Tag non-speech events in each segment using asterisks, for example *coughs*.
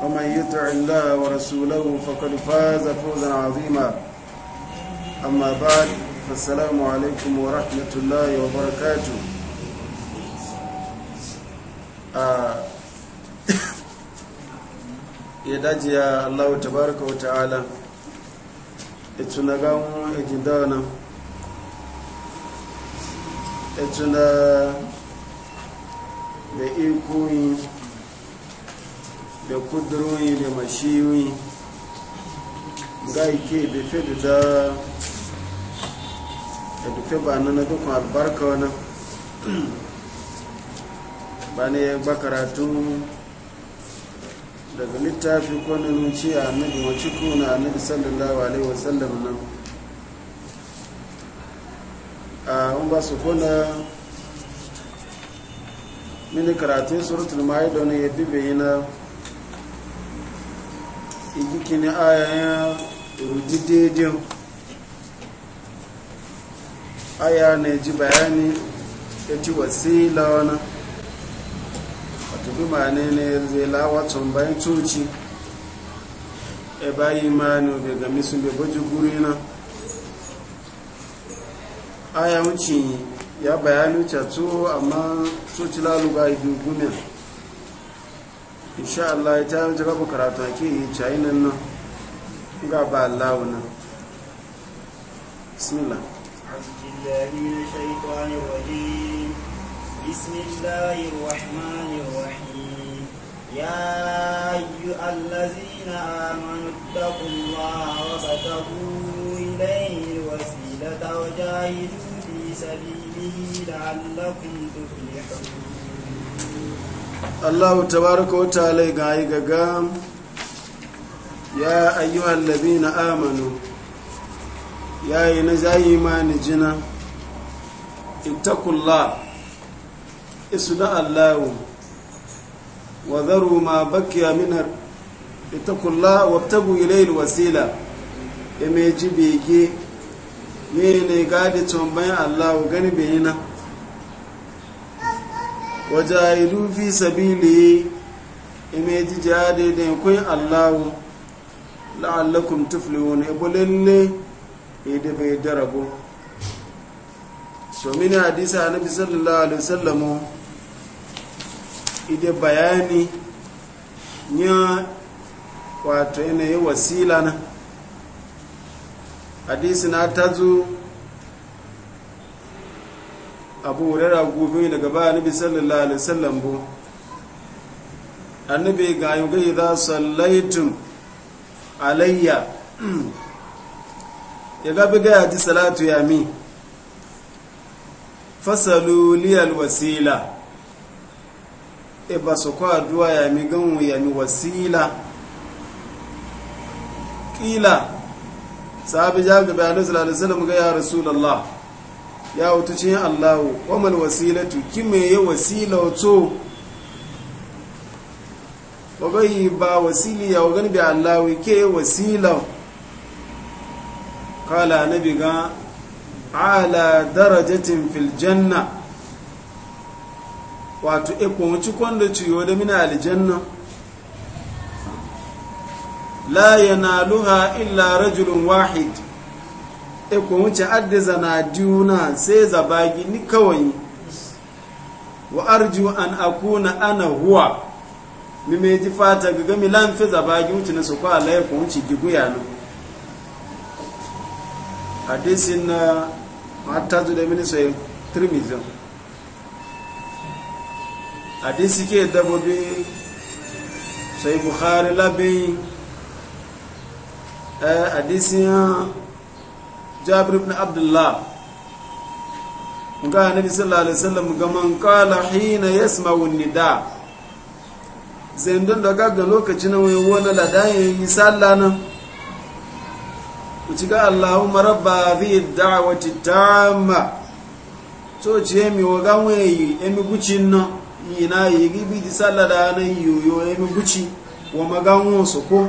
ومن يطع الله ورسوله فقد فاز فوزا عظيما أما بعد فالسلام عليكم ورحمة الله وبركاته ya daji ya Allah tabaraka wa ta'ala ituna ga ejidana da kuduroyi da mashiwi ga ike bife da da da dufe ba na dukkan albarka wani ba ne ba karatu daga littafi ko na ce a annabi wacce kuna annabi sallallahu alaihi wasallam nan a un ba su kuna mini karatun suratul ma'ida wani ya bibe yi na igikini ayayen rudidaidin aya na ji bayani ya ci wasila wani wata ma ne ne zai lawacin bayan coci e bayi mani obe gami sun be gwaji guri na aya wuce ya bayani wuce amma coci laluga ibi gumiya insha Allah ya tayar jira ku karatu ke yi cayi nan nan ga ba Allah bismillah بسم الله الرحمن الرحيم يا أيها الذين آمنوا اتقوا الله إليه الوسيلة وجاهدوا في سبيله لعلكم تفلحون allahu tabaraka wa ta'ala ga yi gaga ya ayyuhal ladina amanu ya yi na zayi mani jina kula. isu na allahu wa zaru ma bakiya minar kula wa tabu ilayil wasila ya e mai ji bege ne ne gadi tun bayan allahu gani bayina wajahidu fi sabili ime ji jihadi da kwai allahu la'allakum tuflihun ibu lalle ida bai darabo mini hadisa na sallallahu alaihi wasallamu ida bayani ya wato yanayi wasila na hadisi na tazu abu hurera gobe daga ba annabi sallallahu alaihi wasallam bu annabi ga yi ga idza sallaitum alayya ya ga bi Ya ji salatu ya mi fasalu liyal wasila e ba su kwa duwa ya mi gan ya mi wasila kila sahabi jabir bin sallallahu alaihi wasallam ga ya rasulullah ya wuta cin allahu wamal wasilatu kime ya wasila wato wagayi ba wasili ya wagani bi allahu ke wasila kala na biga ala darajatin fil wato ikon e wuci kwanda ciyo da mina aljanna la luha illa rajulun wahid e ko wuce addiza na duna sai zabagi ni kawai wa arju an akuna ana huwa mi me ji fata ga mi lanfi zabagi wuce na su kwa laye ko wuce giguya no hadisin na matazu da mini sai trimizin hadisi ke dabobi sai bukhari labin eh, hadisin jabir ibn abdullah ga nabi sallallahu alaihi wasallam ga man qala hina yasma'u nida zendon da gaga lokacin nan wani wani ladayin yi sallah nan uci ga allahumma rabba bi da'wati tamma so ci mi wa ga wani emi guci nan yi na yi gibi di sallah da nan yoyo emi guci wa magan su ko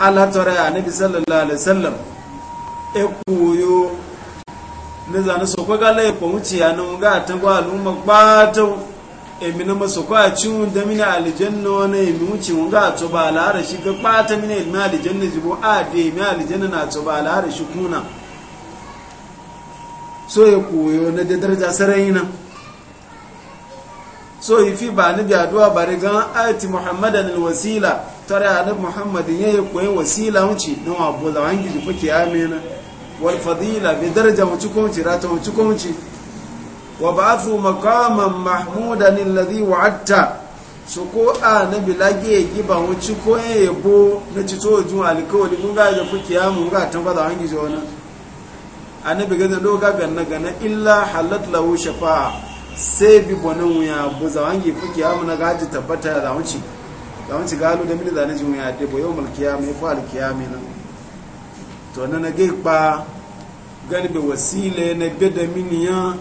alatara ya nabi sallallahu alaihi wa e ekuyo ne zanu so kwaga lai ko wuce ya nan ga ta gwa al'umma gbato e mina maso kwa ciun da mina aljanna ne emi wuce mun ga to ba lara shi ga gbata mina ilmi e na jibo a de mi aljanna na to ba lara shi kuna so ya e koyo na daraja sarai nan so yi e fi ba ni da addu'a bare gan ayati muhammadan alwasila tare a nan muhammadin ya yi koyi wasila wuce na wabo da wangi ji fuke ya mena wal fadila mai daraja wuce ko wuce rata wuce ko wuce wa ba su makaman mahmudan wa hatta su ko a na bilage ya giba wuce ko ya yabo na cito jun alkawali kun ga fuke ya mun ga tan bada wangi ji wani annabi ga ganna ganna illa halat lahu shafa'a sai bi bonan wuya bu zawangi fuke ya mun gaji tabbata da wuce da wanci galu da mini zane jimu ya debo yau mulkiya mai fa alkiyami nan to na na gai ba gani wasila na beda mini ya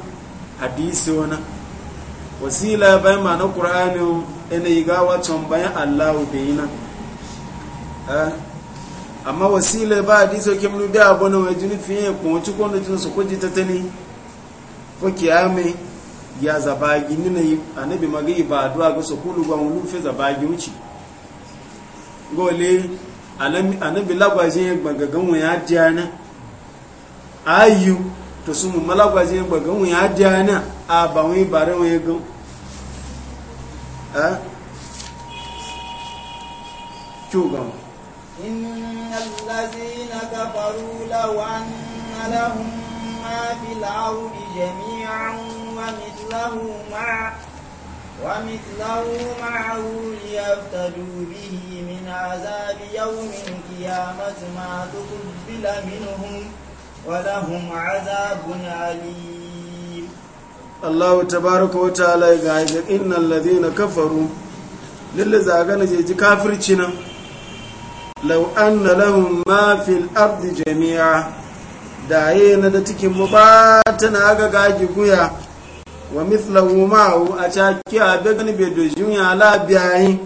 hadisi wana wasila bayan ma na qur'ani ina yi gawa can bayan allahu yi nan eh, amma wasila ba hadisi ke mun da abu na wajen fiye ko ci ko jini su kuji ta tani fo kiyami ya zabagi nina yi annabi magai ba duwa ga sokulu kulu ba mu lufe zabagi wuce gole anabi lagwajin gbagagan mu ya diyana ayu to su mu malagwajin gbagagan mu ya a ba wani bare wani gan a kyau gan إن الذين كفروا لو أن لهم ما في الأرض جميعا ومثله ومثله معه ليفتدوا به من عذاب يوم القيامة ما تقبل منهم ولهم عذاب أليم الله تبارك وتعالى يقول إن الذين كفروا للذين جيج كافر لو أن لهم ما في الأرض جميعا da yana da cikin mu ga gaji guya wa mithlahu ma'ahu a caki a begani bai dojin ya labiyayi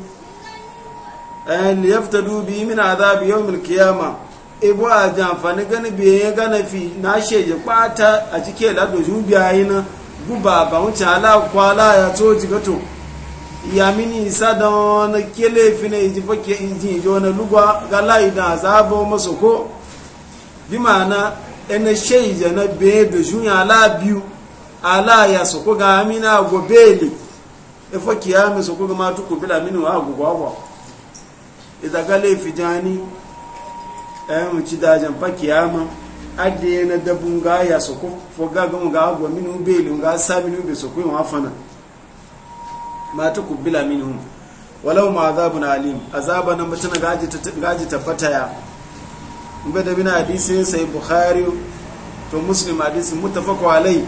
ayan eh, liyafta dubi min azabi milki qiyama ibu a jamfani gani bai ya gana fi na sheji kwata a cike da dojin biyayi na guba ba wuce ala kwala ya to jigato ya mini isa da wani kele fi na iji fake iji iji wani lugwa ga layi da azabo masoko bi ma'ana ɗan sheji na bai dojin ya labiyu ala ya soko ga amina gobeli efo kiyame soko ga matu kubila minu agu gwawa idza gale fijani eh, ci cidajan Fa kiyama adde na dabun ga ya soko foga ga ga agu minu beli ga sa minu be soko wa fana matu kubila minu walau ma azabun alim azaba nan mutuna gaji gaji tabbata ya mbe da bina hadisi sai bukhari to muslim hadisi muttafaq alayhi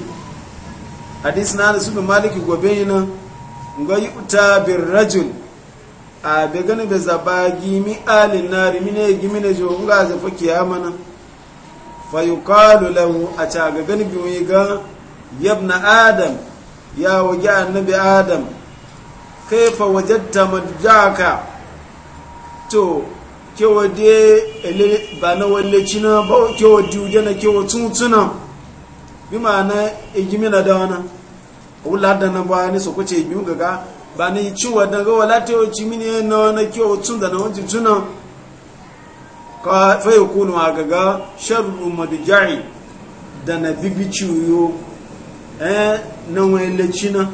Hadisin na su bi maliki gobe yana ga yi uta bin rajul a bai gani bai zaba gimi alin na rimine gimi na jo ga zafa kiyama na. fa yuqalu lahu a ta ga gani bi mai ga yabna adam ya wagi annabi adam Kai kaifa wajadta madjaka to kewade de ba na wallaci na ba kewade ujana kewa tuntuna bi ma'ana igimi na da wani wula da na ba ni so kuce igimi gaga ba ni ciwa da ga wala ta ci mini na wani kyau tun da na wajen tunan ka fai kunu a gaga umaru jari da na bibi ciwo eh na wani lacina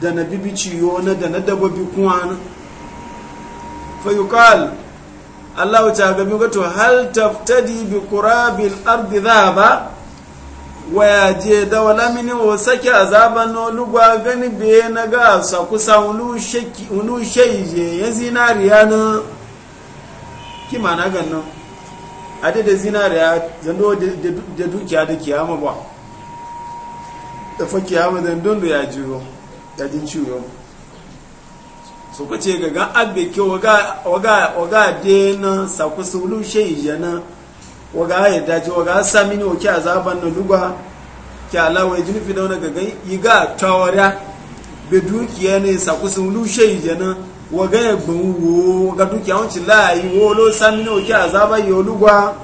da na bibi ciwo na da na dababi kuma na kal, Allah ta gabi gato hal taftadi bi kurabil ardi dhaba wayaje da wala mini wo sake azaban no lugwa gani be na ga sa kusa ulu sheki ulu sheije ya zinariya na ki mana gan nan ade da zinariya zando da dukiya da kiyama ba da fa kiyama zan dondo ya jiro ya jin ciwo so kace ga ga abbe ke waga waga waga de na sa kusa ulu sheije na waga ya dace waga sa mini wa a azaban na lugwa ki alawai fi dauna ga gai yi ga tawara be dukiya ne sakusun lushe yi jana waga ya gbin wo waga dukiya wancin layi wolo sami sa mini wa ki yi lugwa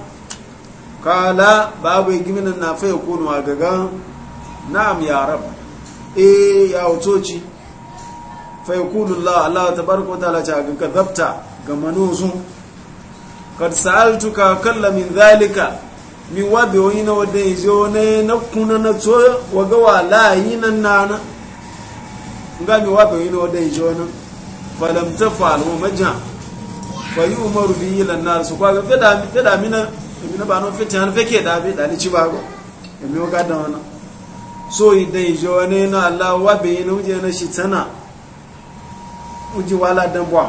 kala babu giminan na fai kono a gaga na'am ya rab E, ya wutoci fai kudu Allah Allah tabaraka wa ta'ala ta ga gaggabta ga manozun kad ka kalla min zalika mi bi wani na wadda ya zo ne na kuna na to ga wa layi nan nana nga mi bi wani na wadda ya zo na falam ta faru majan fa yi umaru bi yi lanna su kwaga da mina na ba na nan fita hannu ke da bi da ci ba ko mi ga da wani so da ya zo ne na allah bi yi na wuje na shi tana uji wala dan bwa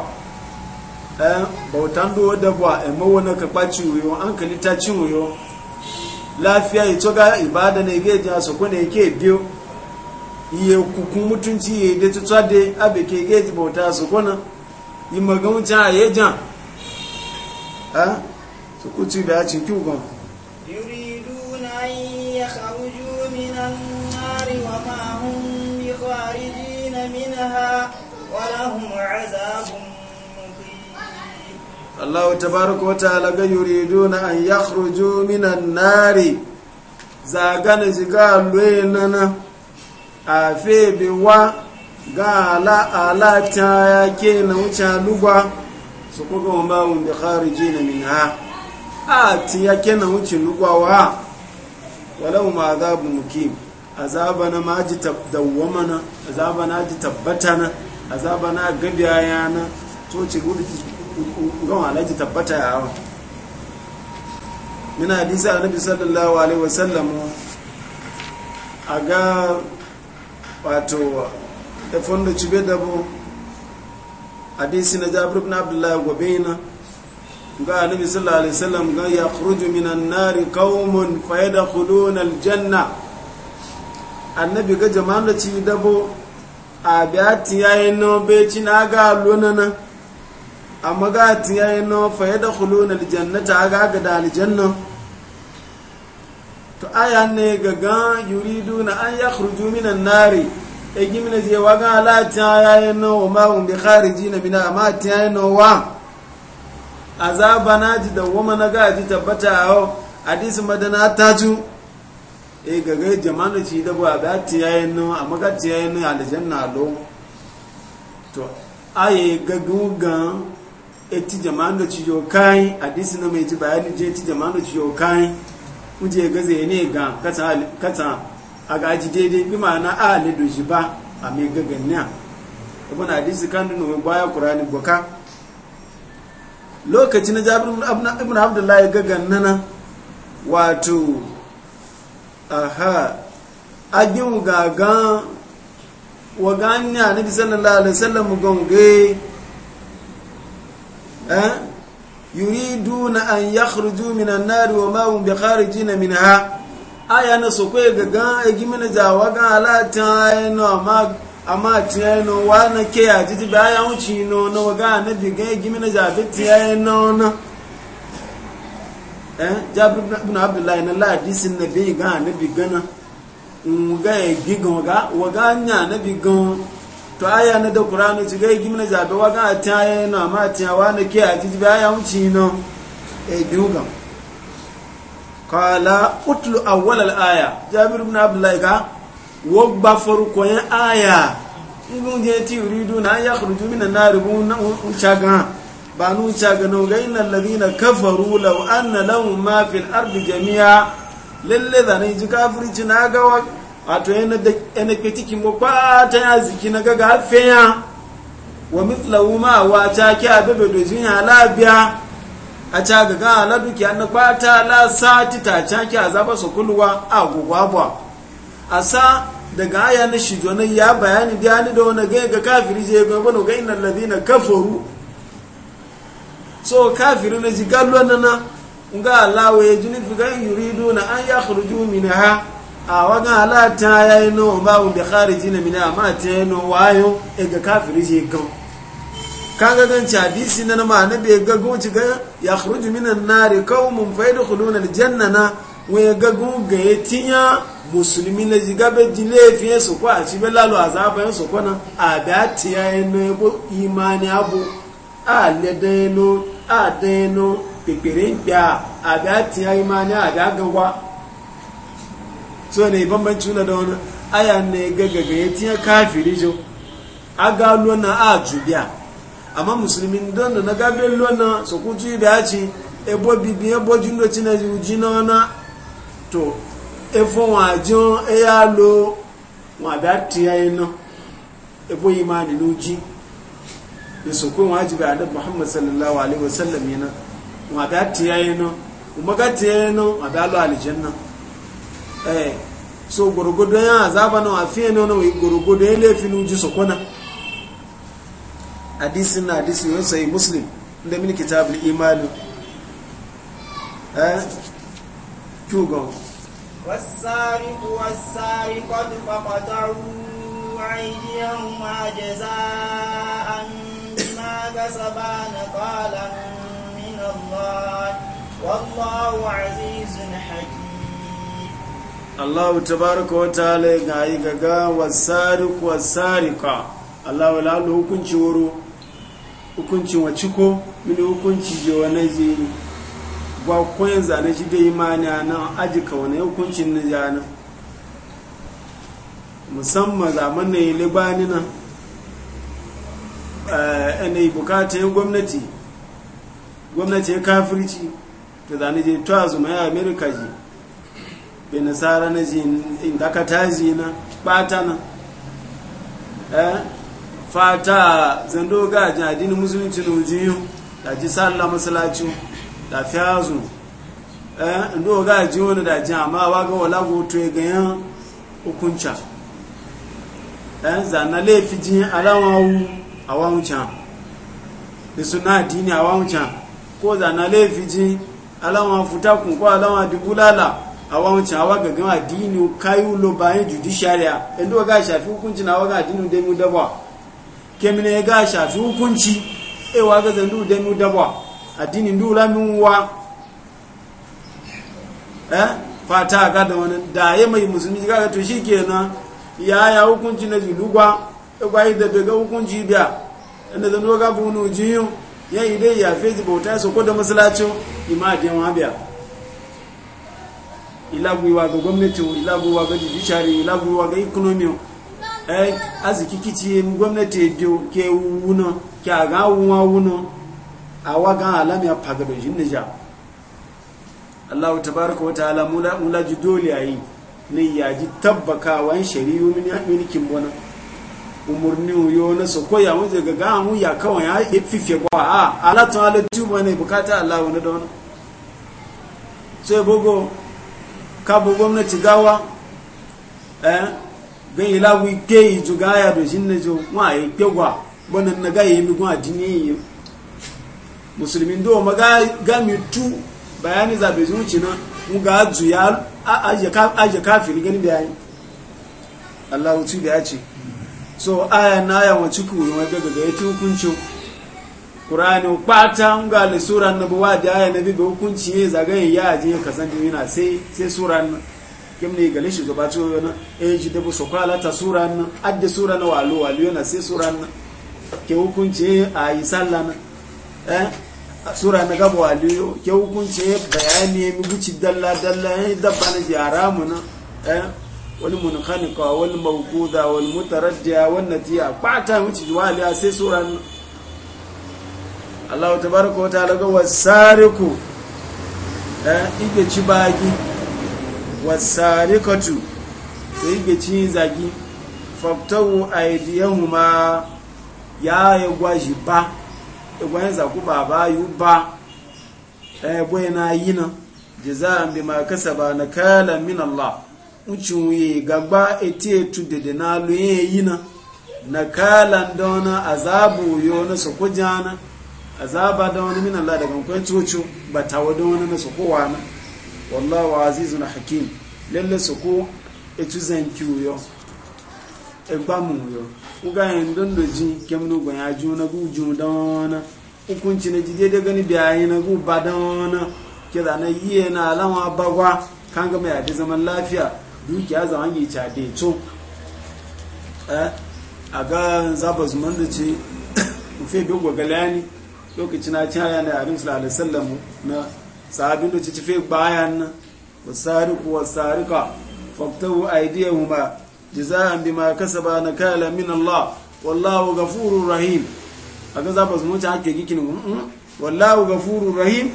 Eh, bautan do da ba e eh, mawo na ka kwaci wuyo an kali ci cin wuyo lafiya ito ga ibada ne ga ja so ko ne ke biyo iye kukun mutunci ye de tutsa de abe ke ga ji bauta so ko na yi can a ye ja ha so ku ci da ci ku gon na an yakhruju minan nar wa ma hum bi na minaha wala lahum azabun Allah tabaraka wa ta'ala ga yuriduna an yakhruju minan nari zagana jiga lwenana afe biwa ga ala ta yake na wuce lugwa su kuka wa bawon da khariji na minha a ti yake na wuce lugwa wa walau ma azabu mukim azaba na ma ji dawwama na azaba na ji tabbata na azaba na gabiya yana to ci gudu gan ji tabbata ya hau mina hadisi a nabi sallallahu alaihi wasallamu a ga wato da fondo cibe da bu hadisi na jabir ibn abdullahi gobeina ga nabi sallallahu alaihi wasallam ga ya khruju minan nari qaumun fayadkhuluna aljanna annabi ga jama'an da ci dabo a biya tiyayen no be ci na ga lonana amma ga tiyayi no fa ya dakhulu na aljannata ga ga gada aljanna to aya ne ga ga yuridu na an yakhruju minan nari e gimina je wa ga la yi no wa ma hum bi kharijina bina amma yi no wa azaba na ji da woma na ga ji tabbata ho hadisi madana ta ju e ga ga jama'a ci da ba ga tiyayi no amma ga tiyayi no aljanna lo to aye gagugan eti jama'an da ciyo kai hadisi na mai ji bayani je eti jama'an da ciyo kai muje gaza ne ga kata kata a gaji daidai bi ma'ana a le do shi ba a mai gaganniya ibn hadisi kan dinu baya qur'ani boka Lokaci na jabir ibn abdullahi gagannana wato aha agin gagan wa ganya nabi sallallahu alaihi wasallam gonge Eh? yuriduna an yakhruju minan nari wa ma hum bikharijin minha aya na so kwe gaga egi mina jawa ga alata eno ama ama tieno wa na ke ya jiji ba ya unchi no no waga na bi ga egi mina jabe tieno no eh jabir ibn abdullah na la disin na bi ga na bi gana mu ga egi ga waga waga nya na bi gan to aya na da qur'ani ci gai gimna zabe wa ga ta ya na ma ta wa na ke a jiji aya wuci no e duga qala utlu awwal al aya jabir ibn abdullah ga wogba farko ya aya ibun je ti uridu na ya khruju min an-nar bun chaga banu chaga no ga innal ladina kafaru law anna lahum ma fil ardi jami'a lalle da ne ji kafirci na ga wato yana kwetikin ba ta ya ziki na gaga hafiya wa mitlawu ma wa ta ki abebe dojin ya ala a ta gaga aladuki an kwata la sati ta ta ki azaba su kulwa a gugwabwa a sa daga aya na jona ya bayani biya ni da wani ga kafiri je ga wani ga inna ladina kafaru so kafiri na ji gallo na na nga alawa ya jini fi ga yuridu na an ya khuruju minha a wagan halata ya yi nawa babu da khariji na mina amma ta yi nawa wayo e ga kafiri je gan ka ga gan hadisi na ma ne bai ga gunci ga ya khruju minan nari qaumun fa yadkhuluna janna na we ga gun ga yatinya musulmi na jiga be jile fiye su ko a ci be lalo azaba su ko na a da ti ya yi no e bo imani abu a le de a de no pepere ntia a da ti ya imani a da gwa so ne bambanci na da wani aya ne gaggaga ya tiya kafiri jo a ga lona a jubiya amma musulmin don da na gabe lona so kutu yi da ci ebo bibi ebo jindo ci na uji na wana to efo wa jo e ya lo wa da tiya ina e ebo yi ma ni luji da so kun wajibi a dabbin muhammad sallallahu alaihi wasallam yana e wa da tiya ina e kuma ga tiya ina wa da lo aljanna eh so gwargwado ya azaba na wafiya na wani gwargwado ya laifin uji sokona hadisi na hadisi yau sai muslim inda mini kitabul imani eh kyugon والسارق والسارقة فقطعوا أيديهما جزاء بما كسبا نقالا من الله والله عزيز حكيم Allah tabaraka wa ta'ala ga yi gaga wasariku wasarika Allah wala Allah hukunci woro hukunci wa ciko mini hukunci je wani zini ba koyin zane shi da imani a nan ajika wani hukuncin na jana eh, musamman zaman na yi libani nan yana yi bukata yin gwamnati gwamnati ya kafirci ta zane je a zuma ya amerika je be nasara na zin inda ka taji na bata na eh fata zando ga jadin musulunci no jiyu da ji sallah masallaci da fiyazu eh ndo ga ji wani da ji amma wa ga wala go to ga yan hukunca eh zanna le fiji alawawu awawunca da suna dini awawunca ko zanna le fiji alawan futakun ko alawan dubulala awon wuce awa gangan adini kayu lo bayan judiciary inda ga shafi hukunci na ga adini da mu dabwa kemine ga shafi hukunci e ga zandu da mu dabwa adini ndu la mu wa eh fata ga da wani da ya mai musulmi ga ga to shi shikenan ya ya hukunci na julugwa e ba yi da daga hukunci biya inda zandu ga bunu jiyo ya ide ya facebook ta so ko da masallacin imadiyan wa biya ilagwiwa ga gwamnati ilagwiwa ga judiciary ilagwiwa ga economy eh aziki kici gwamnati biyo ke wuna ke ga wuna wuna awa ga alami a pagado jinnija Allah tabaraka wa ta'ala mula mula ji dole ayi ne ya ji wa shari'u min mulkin bona umurni yo na so ko ya ga ga mu ya kawai ya fife kwa a ah, ala to ala tuba ne bukata Allah wani don sai bogo kabo gwamnati gawa eh ga ila wi yi ju ga ya do shin jo wa yi kegwa bonan na ga yi mi gwa dini yi musulmi ndo maga ga mi tu bayani za be zuci na mu ga ju ya aje ka aje ni gani bayani Allah mutu da ya ce so aya na aya wa ciku wa ga ga ya ci hukuncin Kur'ani kwata nga le sura nabuwa da aya nabi be hukunci ya zagaye ya aje ka san dina sai sai sura nan kimne gale shi gaba to yana eh ji da bu sokwala ta sura nan adda sura na walu walu yana sai sura nan ke hukunci a yi sallah nan eh sura na gaba walu ke hukunci bayani ya mi guci dalla dalla ya e, dabba na ji haramu nan eh wani munkhaniqa wani mawquda wal mutaraddiya wan natiya kwata wuci wali sai sura nan Allah ta baraka wata laga wasariku eh ibe ci bagi wasarikatu to ibe yi zagi faktawu ya yi gwaji ba igwayin zaku baba yi ba ɗaya eh, boye na ma kasa ba kasaba kala min Allah wuye gagba eti etu dede na luye yi na na kala dona azabu yo na na. azaba da wani min Allah daga kwan coco ba ta da wani na sukowa kowa na wallahu na hakim lalle su ko etu e yo egbamu yo uga yin dondo ji kemnu gwan ya ji na guju da wani hukunci na jide da gani yi na gu ba da wani kira na yi na alama bagwa kan ga mai adi zaman lafiya dukiya zaman yi ca to eh, a ga zaba zuman da ce *coughs* mufe bi gwagalani lokacin na cin haya da abin sallallahu alaihi wasallam na sahabin da ci ci fe bayan nan wasariku wasarika faktahu aidiyahuma jazaan bima kasaba nakala min Allah wallahu ghafurur rahim aga za ba su mutu ake gikin mm, mm, wallahu ghafurur rahim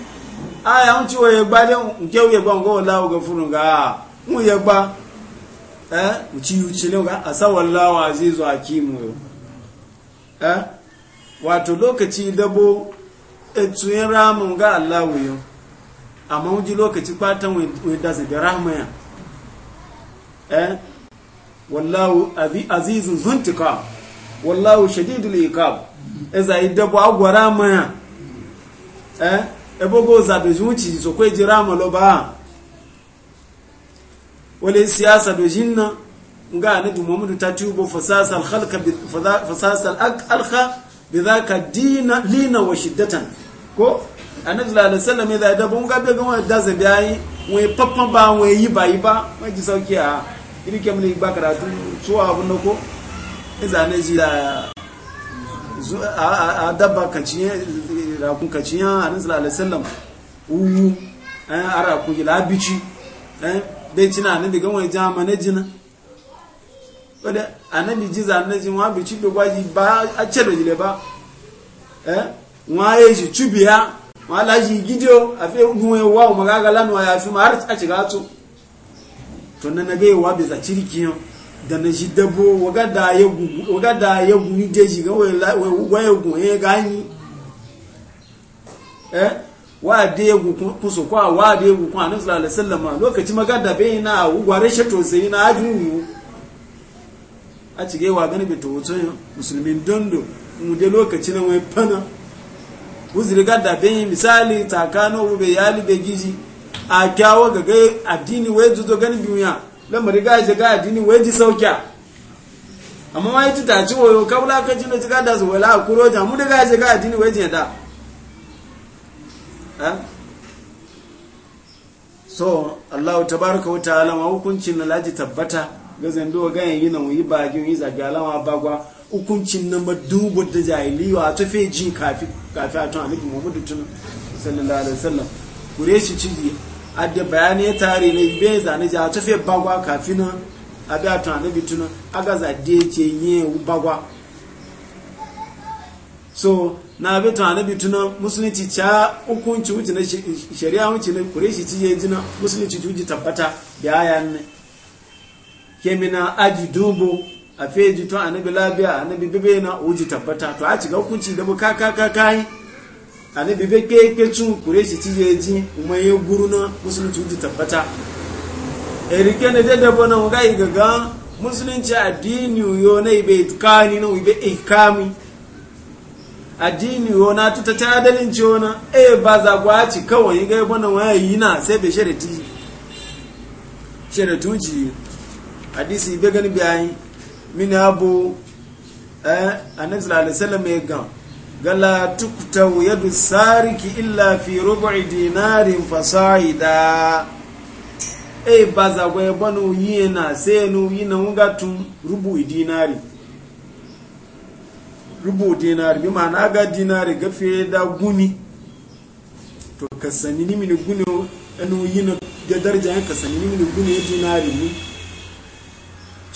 aya an ci waye gba de nke mm, waye gba ngo wallahu ghafurun ga ah, mu ye gba eh mu ci yu ci le ga asa wallahu azizu hakimu eh wato lokaci dabo tsuyin ramun ga Allah wuyo amma wuji lokaci fatan wadda su da ya eh wallahu azizun zuntika wallahu shadidul iqab eza idabo agwara maya eh ebogo za da zuci so kwe ji ma lo ba wale siyasa do jinna nga ni du mamudu tatubo fasasal khalqa fasasal alkha bi ka dina lina wa shiddatan ko annabi sallallahu alaihi wasallam ya da bon be ga da zabi ayi we ba we yi ba yi ba mai ji sauki a iri kem ne ba karatu so abu na ko iza ne ji da a dabba kaciye rakun kaciye annabi sallallahu alaihi wasallam uwu an ara ku bici dai ne daga wani wadda annabi ji zanen ji wọn bici bi gwaji ba a ce da jile ba eh wọn yi shi cubi ya wọn laji gidiyo a fi huwe wa ma ma a ci gato to na naga yi wa bi za cirki yau da na shi dabo waga da ya guni je shi ga waya gunye ganyi eh wa da ya gukun kusa kwa wa da ya gukun a nufin ka da magada bai na gware shato sai na ajin yiwu a cike wa gani bai tohoto yin musulmin dondo mu lokaci na wai fana wuzuri gada bai misali tsakanin rube yali bai gizi a kyawo ga gai addini wai zuzo gani duniya lamari ga ji ga addini wai ji saukya amma wai ji ta ci wayo kawula ka ji na ji gada su wala a kuro jan mu da ga ji ga addini wai ji yada so allahu tabaraka wa ta'ala ma hukuncin na laji tabbata gazan do ga yin nan yi ba gi yi zagi alama bagwa hukuncin na madubu da jahiliya a tafe ji kafi kafi a tun alibi muhammadu tun sallallahu alaihi wasallam kureshi cigi adda bayani ya tare ne be zane ja tafe bagwa kafi na abi a tun alibi tun aga za de ce yi bagwa so na bi tun alibi tun musulunci ca hukunci wuce na shari'a wuce na kureshi cigi ya jina musulunci wuce tabbata da ne kemina aji dubu a feji to annabi labiya annabi bibe na uji tabbata to aci ga hukunci da buka kaka kai annabi be ke ke tun kureshi ti je ji kuma ye guru na musulunci uji tabbata erike ne da bona mu gai gaga musulunci addini yo na ibe kani na ibe ikami addini yo na tuta ta adalin ci ona e ba za gwa ci kawai ga bona yi na sai be shere ti shere tuji hadisi ibe gani ayi min abu eh annabi sallallahu alaihi wasallam ya gan gala tuktau yadu sariki illa fi rubu'i dinarin fasaida e baza gwe bonu yina senu yina ungatun rubu'i dinari rubu dinari bi aga ga dinari gafe da guni to kasani ni mini guni enu yina da daraja yan kasani ni mini guni dinari ni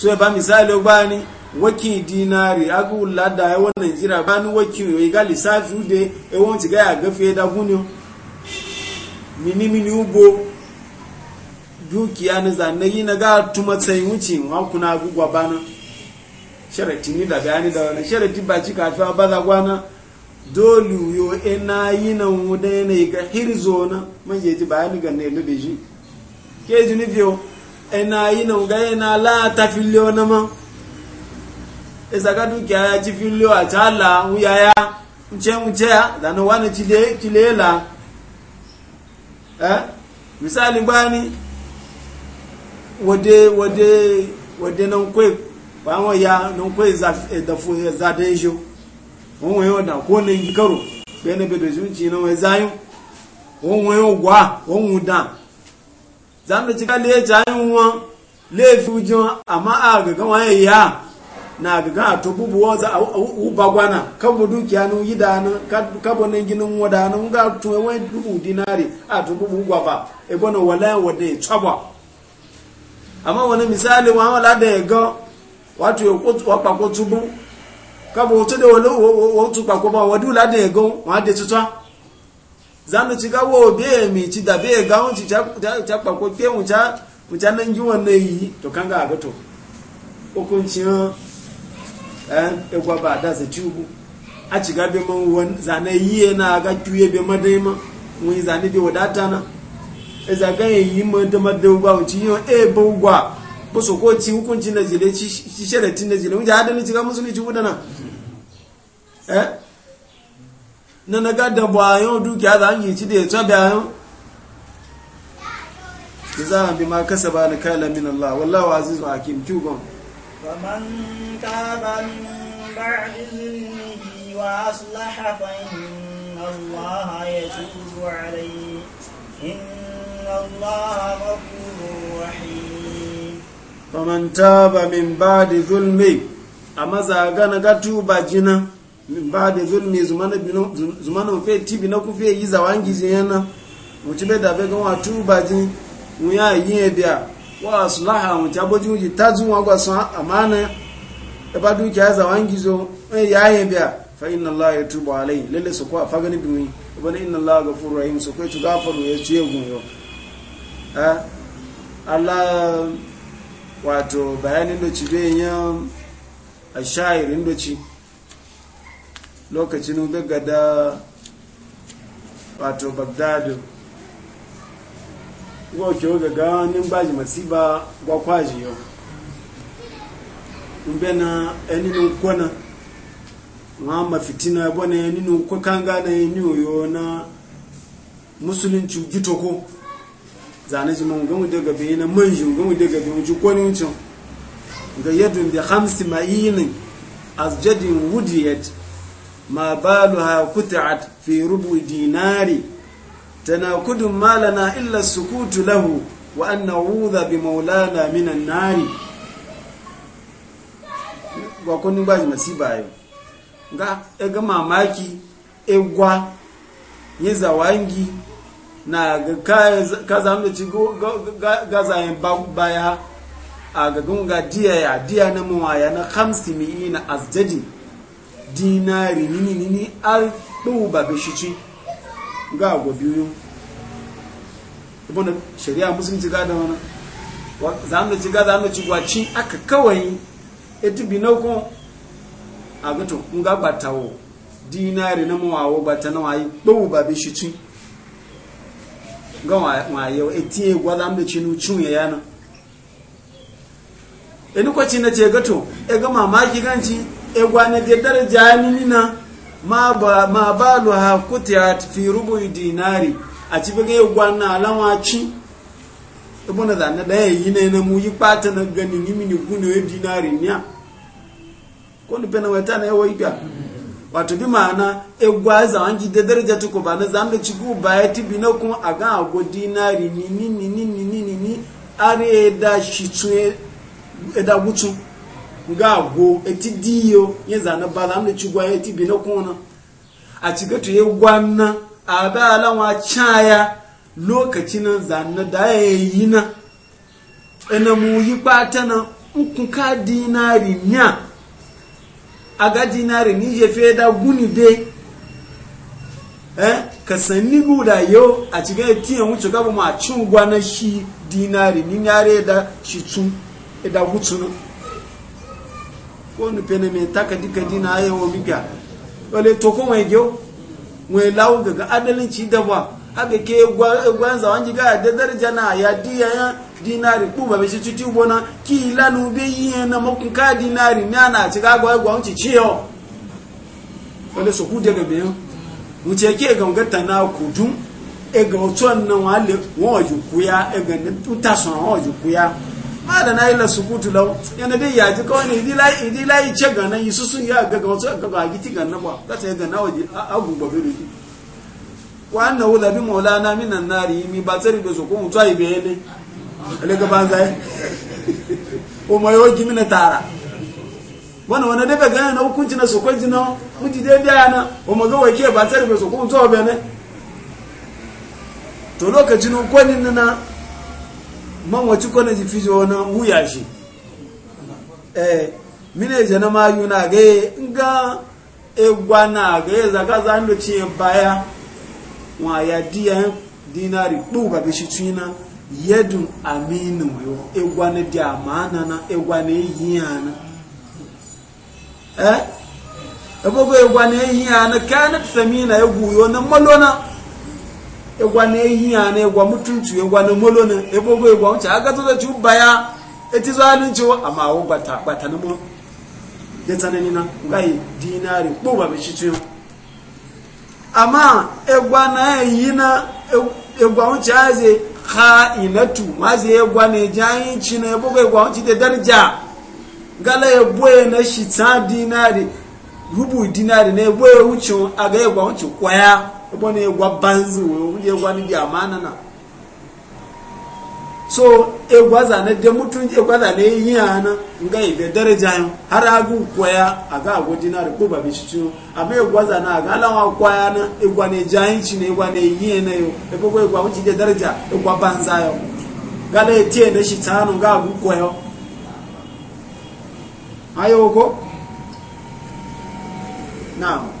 so ba misali ba ni waki dinari agu lada ya wani nigeria ba ni waki yo iga lissafi ude ya won ti ga ya gafe da gunu mini mini ugbo dukiya na zane yi na ga tuma tsayin wuce wa kuna ba na sharati ni daga yani da wani sharati ba ci kafi ba za gwana dole yo ina yi na wuda yana ga hirzo na manje ji bayani ga ne da shi ke ji ni biyo ena yi na nga na la ta filio na ma ezaka dukiya ya ji filio a ca la wuya ya nce nce ya da na wani cile la eh misali gbani wode wode wode na nkwe ba ya na nkwe dafu za da ejo wọn wọn yau da ko na yi karo bẹni bẹ ci na wọn zayin wọn wọn yau gwa wọn dan zanda ci kalli ya cayin wọn laifi wujin amma a gagan waye ya na gagan a to bubuwa za a uba gwana kan e dukiya yi dana kabo dinari a wala wada ya tsaba amma wani misali wa wala da ya ga wato ya kwakwa tubu kabo wato da wani wato kwakwa ba wadu la da ya e ga wani da zanu ci ga wobe mi ci da be ga hunci ta kpako ke wuta wuta nan ji wannan yi to kan ga ga hukuncin eh egwa ba da za ci a ci ga be man wan zane yi na ga tuye be madai ma mun zane be wadata na e za ga yi ma da madai ba wuci yo e bo ugwa bo so ko ci hukuncin na jile ci shere tin na jile mun ja da ci ga musulunci budana eh na na ga da bayan dukiya za a yi ci da ya tsabi a da za a bi ma kasa ba na kala min Allah wallawa azizun hakim tugon ومن تاب من بعد ظلمه وأصلح فإن الله يتوب عليه إن Ba min ba da zulmi zumanu fe tibi na kufe yi zawangi ziyana mutu bai dabe wa tuba ji yi biya wa sulaha mutu aboji mu ji ta na ga amana da ba dukiya zawangi zo ya yi biya fa inna Allah ya tuba lele su kuwa fagani biyu wani inna Allah ga rahim su kai ya ciye Allah wato bayanin da ci yan da ci lokacin ube gada wato bagdadu goke oge ga nin baji masiba gwakwaji yau ube na eninu kwana ma mafitina ya bane eninu kwakanga na eninu yo na musulunci gitoko zane ji mun gamu daga bayi na manji manjin gamu daga bayi wuce kwanin wucin ga yadda da hamsi ma'ilin asjadin wudiyat ma baluha kut'at fi rubu dinari tanakudu malana illa sukutu lahu wa anna udha bi maulana minan nari wa koni ba masiba ayo nga ega mamaki egwa nyeza wangi na kaza mle chigo gaza baya aga gunga diya ya dia na muwaya na 500 azjadi dinari nini nini al ɗuba bai shi ci ga agwa biyu ibn shari'a musulunci ga gada wani za mu ci gada za mu ci gwaci aka kawai eti bi nauko a gato kun ga batawo dinari na mawawo bata na nawa yi ɗuba bai shi ci ga wayo eti gwa zamu mu ci nu ya yana eni kwaci na ce gato e ga mamaki ganci egwa na je daraja ya nina ma ba fi rubu dinari a ci bi na alawa ci e da yi e mu yi kpata na gani ni gune we dinari nya ko ni pena wata na yawo iga wato bi ma'ana egwa za an ji da daraja tuko ba na zan da ci tibi na kun a ago dinari ni ni ni ni ni ni ni e da shi da gutu nga go eti diyo yeza na bala mle chugwa eti bino kona achiga to ye gwanna abala wa chaya lokacin zanna da na ina mu yi pata na nkun ka dinari nya aga dinari ni je fe da guni de eh ka sanni guda yo a cikin etiyan wuce gaba ma cin gwana shi dinari ni yare da shi tun da onu pene mai takadi kadi na wabiga wa biga wale to ko mai gyau mai lawo daga adalinci ke jiga da daraja na ya diya ya dinari kuma bai shi tuti bona na makun ka dinari na na gwa gwa wale so be ke ga ngata na kudun ega ga na wale won ojukuya ma da na yi la subutu lau yana dai ya ji kawai idi lai idi lai ce gana yi yisu sun ya ga wasu ga ga giti gana ba za ta yi gana waje agun ba biri ji wa bi hu labi maulana minan nari mi ba tsari da su kuma tuwa bai ne ale ga banza yi o ma yo gimi na tara wani wani daga gana na hukunci na sokon jina mutu dai biya na o ma ga wake ba tsari da su kuma tuwa bai ne to lokacin kwanin na man wacce kwanan ji fijo wani wuya shi eh mine je na mayu e e na ga nga egwa na ga ndo ci baya wa ya diya dinari bu ba bi shi aminu yo na na na eh ebogo na kanat samina na malona egwa na ehi ya na egwa mutuntu egwa na molo na ebogo egwa ncha agato da chuba ya etizo ani ncho ama wo gbata gbata na mo yetane dị na ngai dinari kpo ba ya ama egwa na ehi na egwa ncha aze ha inatu maze egwa na anyị nchi na ebogo egwa nchi de darja gala ebwe na shita dinari rubu dinari na na ebwe ucho aga egwa ncho ya. ebo ne egwa banzi wo je egwa ni dia mana na so egwa za na de mutun egwa za eyi ya ana nga ibe daraja yo har agu kwaya aga agu dinar ko ba bi shichu amma egwa za na aga lawa ya na egwa ne jayin chi ne egwa ne yin na yo ebo ko egwa wuci de daraja egwa banza yo gale tie na shi tanu ga agu kwaya ayo ko na'am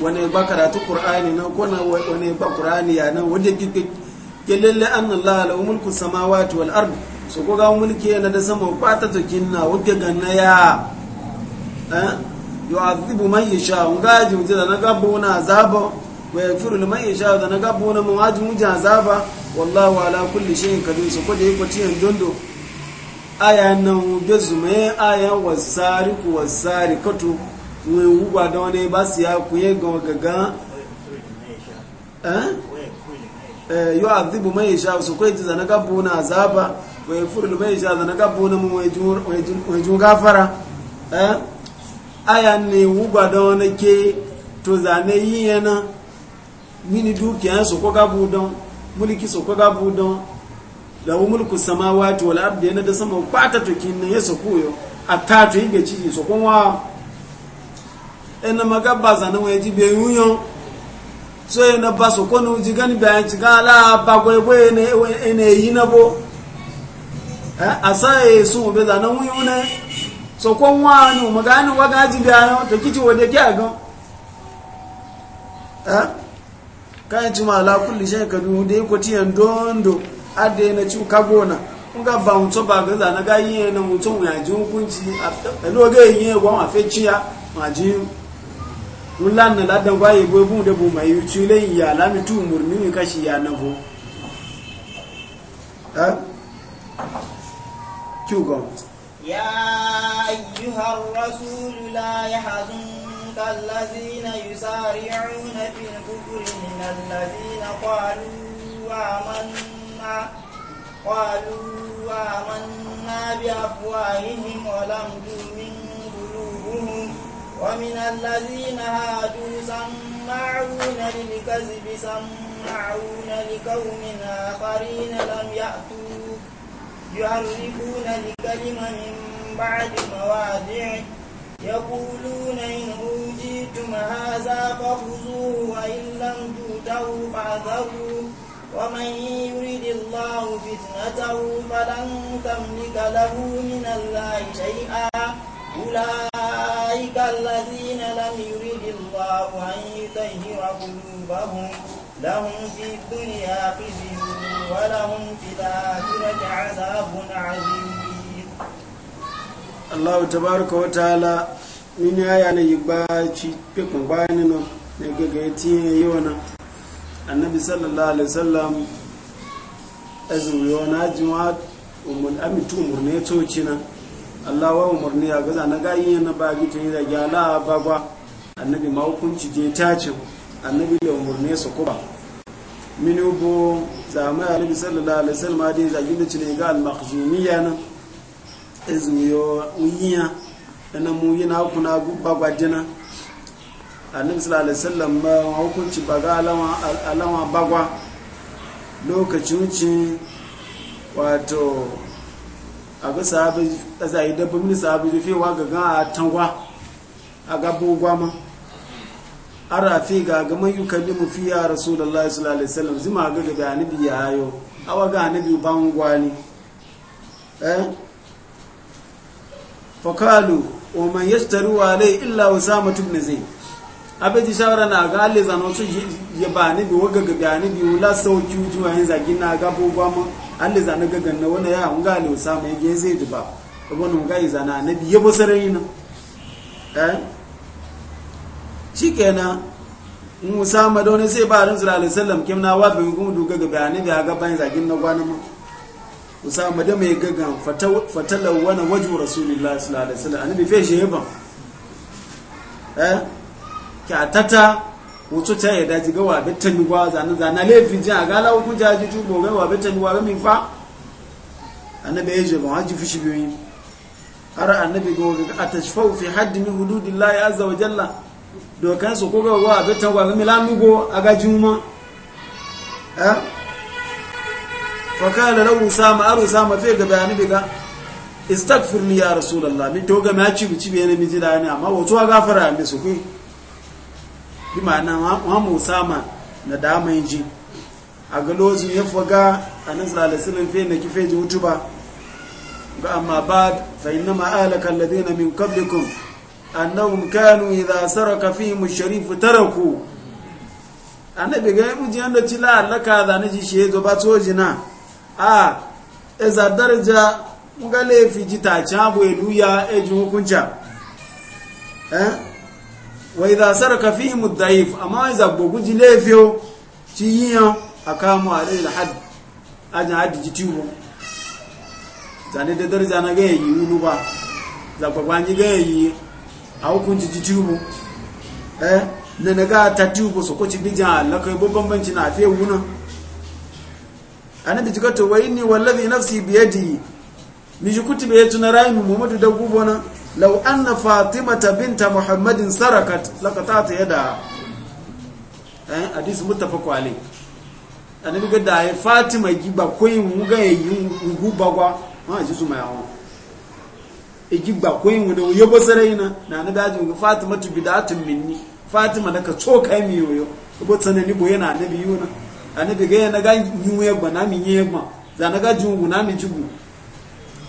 wani ba karatu qur'ani nan ko na wani ba qur'ani ya nan wanda kike kelele anna allaha lahu mulku samawati wal ard so ko ga mulki yana da sama ba ta to kinna wanda ganna ya eh yu'adhibu man yasha ngaji da na gabo na azaba wa yaghfiru liman yasha da na gabo na mawaji mujan azaba wallahu ala kulli shay'in qadir so ko da yake tiyan dondo aya nan bezume aya wasariku wasarikatu wọn ewu gbàdán ní bá sì á gan gangan yóò àdìbò mọ́ ìṣá òsòkó ètò ìzànàká bu na àzába wọ́n fúrùlù mọ́ ìṣá ìzànàká bu na mu wọ́n jù eh? aya ni ewu gbàdán ní ké tó zànà yíyan náà mini dukiyan su kwaga budon mulki su kwaga budon lahu mulku samawati wal sama kwata to ne ya su koyo a ta to yi ga ciki su kuma ena maga baza na weji be yuyo so ena baso ko no ji gani ba ji ga la ba ko e ne ene yi na bo asa e su be da na wuyo ne so ko wa ni ga wa ga ji da to wo de ga kan ma la kulli shay ka du na n ga ba ntọ ba ga za na ga yi ya ji a wa ma fe ya ma ji mulan na ladan gwaye bo bu da bu mai yucule ya mi tu murmi kashi ya na bo ha kyugo ya ayyuhar rasul la yahzunka allazina yusari'una fil kufri min allazina qalu amanna qalu amanna bi afwahihim wa lam tu'min qulubuhum ومن الذين هادوا سماعون للكذب سماعون لقوم آخرين لم يأتوك يعرفون الكلمة من بعد مواضعه يقولون إن أوتيتم هذا فخذوه وإن لم تؤتوه فاعذروا ومن يرد الله فتنته فلن تملك له من الله شيئا أولئك أولئك الذين لم يرد الله أن يطهر قلوبهم لهم في الدنيا خزي ولهم في الآخرة عذاب عظيم Allah tabaraka wa ta'ala min yaya ne yiba ci pe kun ba ni no ne ga ga ti ne yona annabi sallallahu alaihi wasallam azu yona jumat umul amitu mun ne to ci na Allah wa umarni ya gaza na gayin yana ba ta yi da gyala ba ba annabi ma hukunci je ce annabi da umarni su kuma mini bo zama ya nabi sallallahu alaihi wasallam da zagi da cire ga al-makhzumiyya na izmiyo uyiya na mu yana kuna gubba gwadina annabi sallallahu alaihi wasallam ma hukunci ga alama alama bagwa lokacin wato a ga sahabi a zai dabba mini sahabi da fewa ga gan a tangwa a gabon gwama an rafi ga ga yi kalli mu fiya rasulullahi sallallahu alaihi salam zima ga ga da bi ya ayo awa ga anabi ban gwani eh fakalu wa man yastaru lai illa na zai abin ji shawara na ga alle zanotu ya ba ni bi waga ga ga ni bi wala sauki juwa yin zagi na ga gwama Allah zana gagan na wani ya unga le mai yake zai ji ba kuma nun unga zana na ya ba sarari na eh shikenan in usama da sai ba ran sallallahu alaihi sallam kim na wafi bin gumu duga ga bayani da ga bayan zagin na gwanin mu usama da mai gagan fatalau wani waju rasulullahi sallallahu alaihi wasallam annabi fe shi yaban eh ka tata wato ta yi daji ga wabe ta nuwa zane zane laifin jin a gala hukun jaji tubo ga wabe ta nuwa ga min fa annabi ya je ban haji fushi biyu har annabi ga wabe a tashfau fi haddi min hududin layi azza wa jalla dokan su ko ga wabe ta nuwa ga min lamugo a gajin ma da na sama aru sama fiye da bayani biga istagfirni ya rasu mi to ga ma ci bi ci bi yana mi ji da ni amma wato gafara ya mai su kuyi bi ma'ana wa musama na damayin ji a galozi ya faga a nan salalisilin fe na kife ji wutu ba ga amma ba fa inna alaka alladhina min qablikum annahum kanu idha saraka fihim ash taraku annabi ga mu ji anda tila alaka da na ji shi zo ba toji na a eza daraja ngale fi jita chabu eluya eji hukunca eh wa idha saraka fihim ad-da'if amma iza bugu jilefio tiyan akamu alayhi al-hadd aja haddi jitiwo zane da daraja na ga yi ulu ba za ku gwanji ga yi a hukunci jitiwo eh na naga tatiwo so ko ci bija Allah kai babban banci na fe wuna anabi jikato wa inni wallazi nafsi biyadi mi jukuti be tuna rai mu muhammadu da gubona lau Fatima ta binta muhammadin sarakat lakatata yada eh hadisi muttafaqu alayh annabi ga da fatima giba koyin wuga yayin guba gwa ma ji zuma yawo igba koyin wuda yabo saraina na na daji ga fatima tu bidatun minni fatima daga tsoka mi yoyo bo tsanani bo yana annabi yuna annabi ga yana ga yuye gba na mi yuye gba za na ga jungu na mi jugu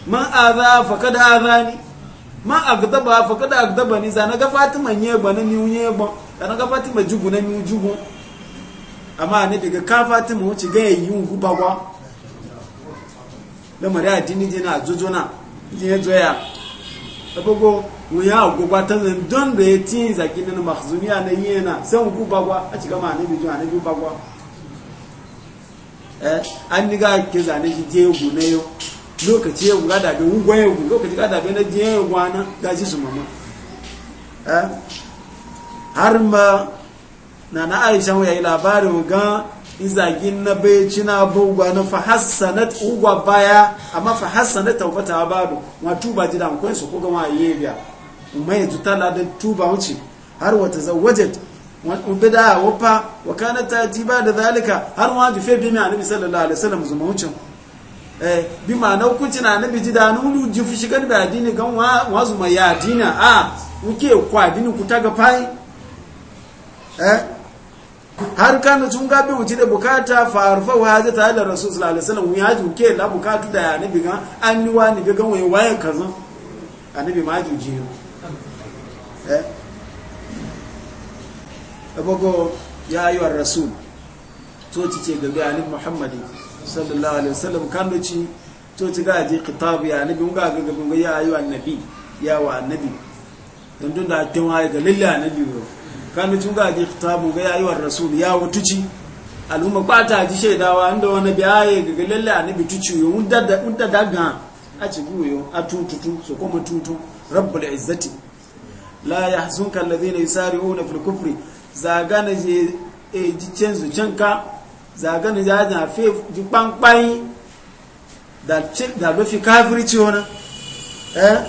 man aza fa kada azani ma agdaba fa kada agdaba ni zana ga fatima nye ba na miu ba zana ga fatima jugu na miu jugu amma ne daga ka fatima wuce ga yi un guba gwa da mari adini je na jojona je joya abogo mu ya gugwa ta zan don da yati zaki na makhzuniya na yena sai un guba gwa a cika ma ne bijo ne guba eh an ni ga ke zane je gu ne yo lokaci ya guga dabe wugwa ya guga lokaci ka dabe na jiyan ya na gaji su mama eh? har ma na na aisha ya yi labarin ga izagin na bai cina bugwa na fahassanat ugwa baya amma fahassanat taubata bado ma tuba ji da akwai su koga ma yi biya mai tutala da tuba wuce har wata zawajat wabida wafa wa kana ta ji ba da zalika har ma jufe bi mai annabi sallallahu alaihi wasallam zuma wucin Eh, bi ma'ana hukunci na nabi ji da nulu ji fi shigar da adini gan wa mai ya addini a muke kwa adini ku taga fai eh, har kana sun gabe wuce da bukata farfa wa haji tare da rasu sallallahu alaihi wasallam ya ji ke la bukatu da ya nabi gan an ni wa ni gan waye waye kaza annabi ma ji ji eh abogo ya ayyuhar rasul to ci ce gabe annabi muhammadin sallallahu alaihi wasallam kan da ci to ci ga ji kitabu ya nabi mun ga ga ga ya ayu annabi ya wa annabi dan dun da tin wa ga lilla annabi yo kan da ci ga ji kitab ga ya ayu rasul ya tuci al'umma ba ta ji shaidawa inda wani biyaye ga lilla annabi tuci yo mun da da daga a ci yo a tututu so kuma tutu rabbul izzati la yahzunka alladhina yusari'una fil kufri zagana je e ji canzu canka zagani ya na fe ji pankpai da da lo fi kafirci wona eh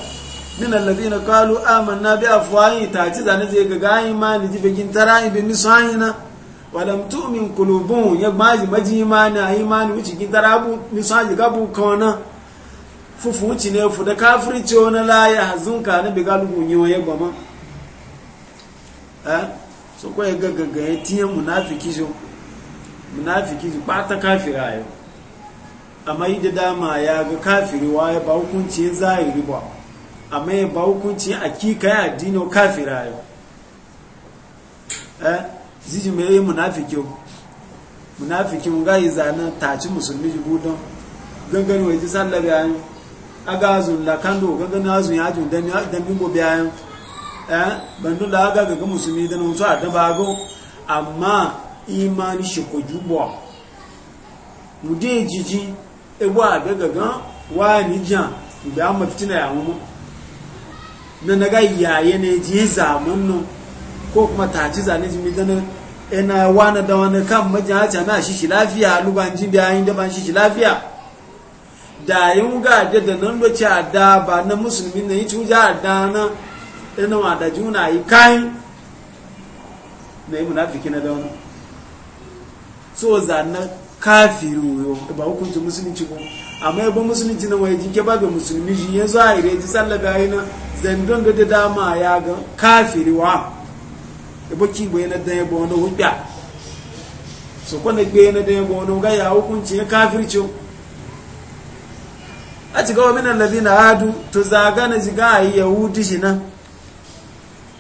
min alladhina qalu amanna bi afwahi ta ci zane je ga gayi ma ni ji begin tarai bi wa walam tu'min qulubun ya maji maji imani ayi imani wuci gin tarabu misaji gabu kona fufu wuci ne fu da kafiri ci wona la ya hazunka ne bi galugu nyiwa ya gbama eh so ko ya gaggaga ya tiye munafiki jo munafiki ba ta kafira yau amma yi da dama ya ga kafiri wa ya ba hukunci ya zahiri ba amma ya ba hukunci a kika ya dino kafira yau eh ziji mai yi munafiki munafiki mun ga yi zanen taci musulmi jibudon gangan waje a ga agazun lakando gangan azun ya ajun dan dan bingo bayan eh bandu da aga ga musulmi dan mutu a da bago amma imani shi ko jubwa mu de jiji e wa daga wa ni jan da mu na ya mu na naga yaye ne ji zaman no ko kuma taji zane ji mi dana ina wani da wani kan majalata na shi shi lafiya lubanji bayan da ban shi shi lafiya da yin ga da nan lokaci a da ba na musulmi na yi cuja a da na ina wa da juna yi kayan na yi munafiki na da wani so zanen kafiru yo e ba hukunci musulunci ba amma yabon musulunci na waje ke babu musulmi shi yanzu a ire ji sallaba yi na zandon da dama ya ga kafiriwa yabo e ki bai na dan yabo wani hudda so kwanne gbe na dan yabo wani ga ya hukunci ya kafirci a ci gawa minan na hadu to zaga na jiga a yi yahudi shi nan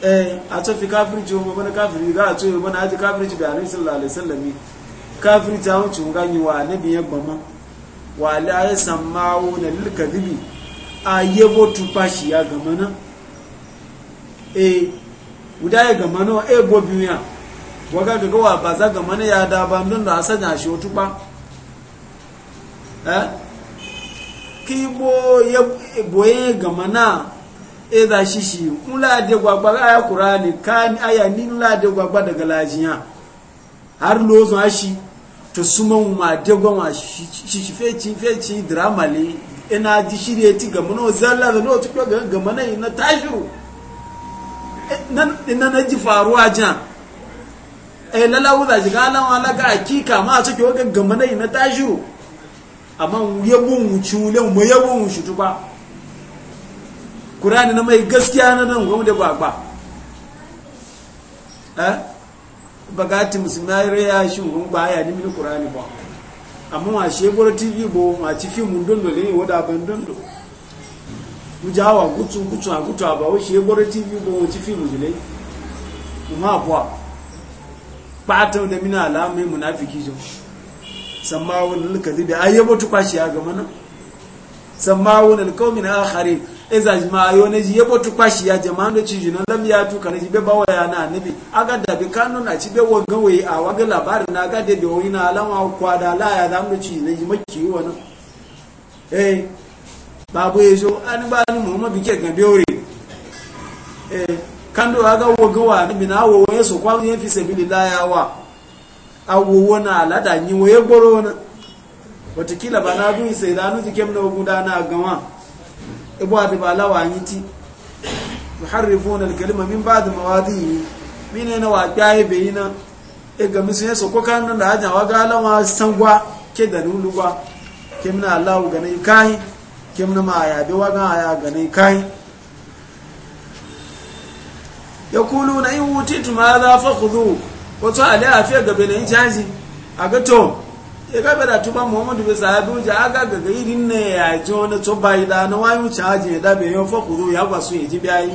eh a tafi kafirci wani kafirci ga a tsoye wani haji kafirci bayanin sallallahu alaihi sallami kafin ta wuce ganyi wa na biyan gbama wa la'ayi samawo na lulka zibi a yabo shi ya gama na e guda ya gama na e bo biyu ya waga daga wa ba za gama na ya da ba don da asa na shi otu ba eh ki bo ya e boye gama na e za shi shi mula gbagba gwagwa aya qur'ani kani aya ni laje gbagba daga lajiya har lozon shi to suma ma de goma shi shi feci feci drama le ina ji shirye ti ga mana zalla da no tuko ga ga mana ina tashiru nan nan na ji faruwa jan eh lala wuza ji ga wala ga hakika ma a cikin ga ga mana ina tashiru amma yabun wuci le mu yabun wuci tuba Qur'ani na mai gaskiya na nan gwamnati ba ba eh bagati musulmai reya shi mun ba ya ni mini qur'ani ba amma wa she goro tv bo ma ci fi mun dondo le woda ban dondo wa gutsu gutsu a gutu ba o she goro tv bo ci fi mun le kuma abwa patan da mina alamai munafiki jo samawun kadibi ayyabo tukwashi ya ga mana samawun alqawmin akharin eza jimayo ne ji yebo tukwashi ya jama'an ci jina lam ya tuka ne ji be bawa ya na annabi aga da be na ci be waga we a waga labarin na ga da na ina alama kwada la ya iji ci ne ji makki na. Ee eh, babu yeso ani ba ni mu ma bi ke gan ori. eh kando aga waga wa ni na wo yeso kwa ni fi sabilillah ya wa awo wona alada nyi wo yegboro wona watakila banadu sai da anu jikem na ogun da na gawa ibuwa da ba lawa yi ti muharrifuna alkalima min ba da mawadi mine na wa kyaye bai na e ga misu yeso ko kan nan da aja a ga lawa sangwa ke da lulugwa ke mina allahu ga nai kai ke mina ma aya be wa ga aya ya nai kai yakuluna in wutitu ma za fakhudhu wato ali afiya ga bai na jaji a ga to ega bada tuba muhammadu be sahabi a aga gaga irin ne ya jo na to bai da na wayu chaje ya be yo fokuru ya kwasu yi jibai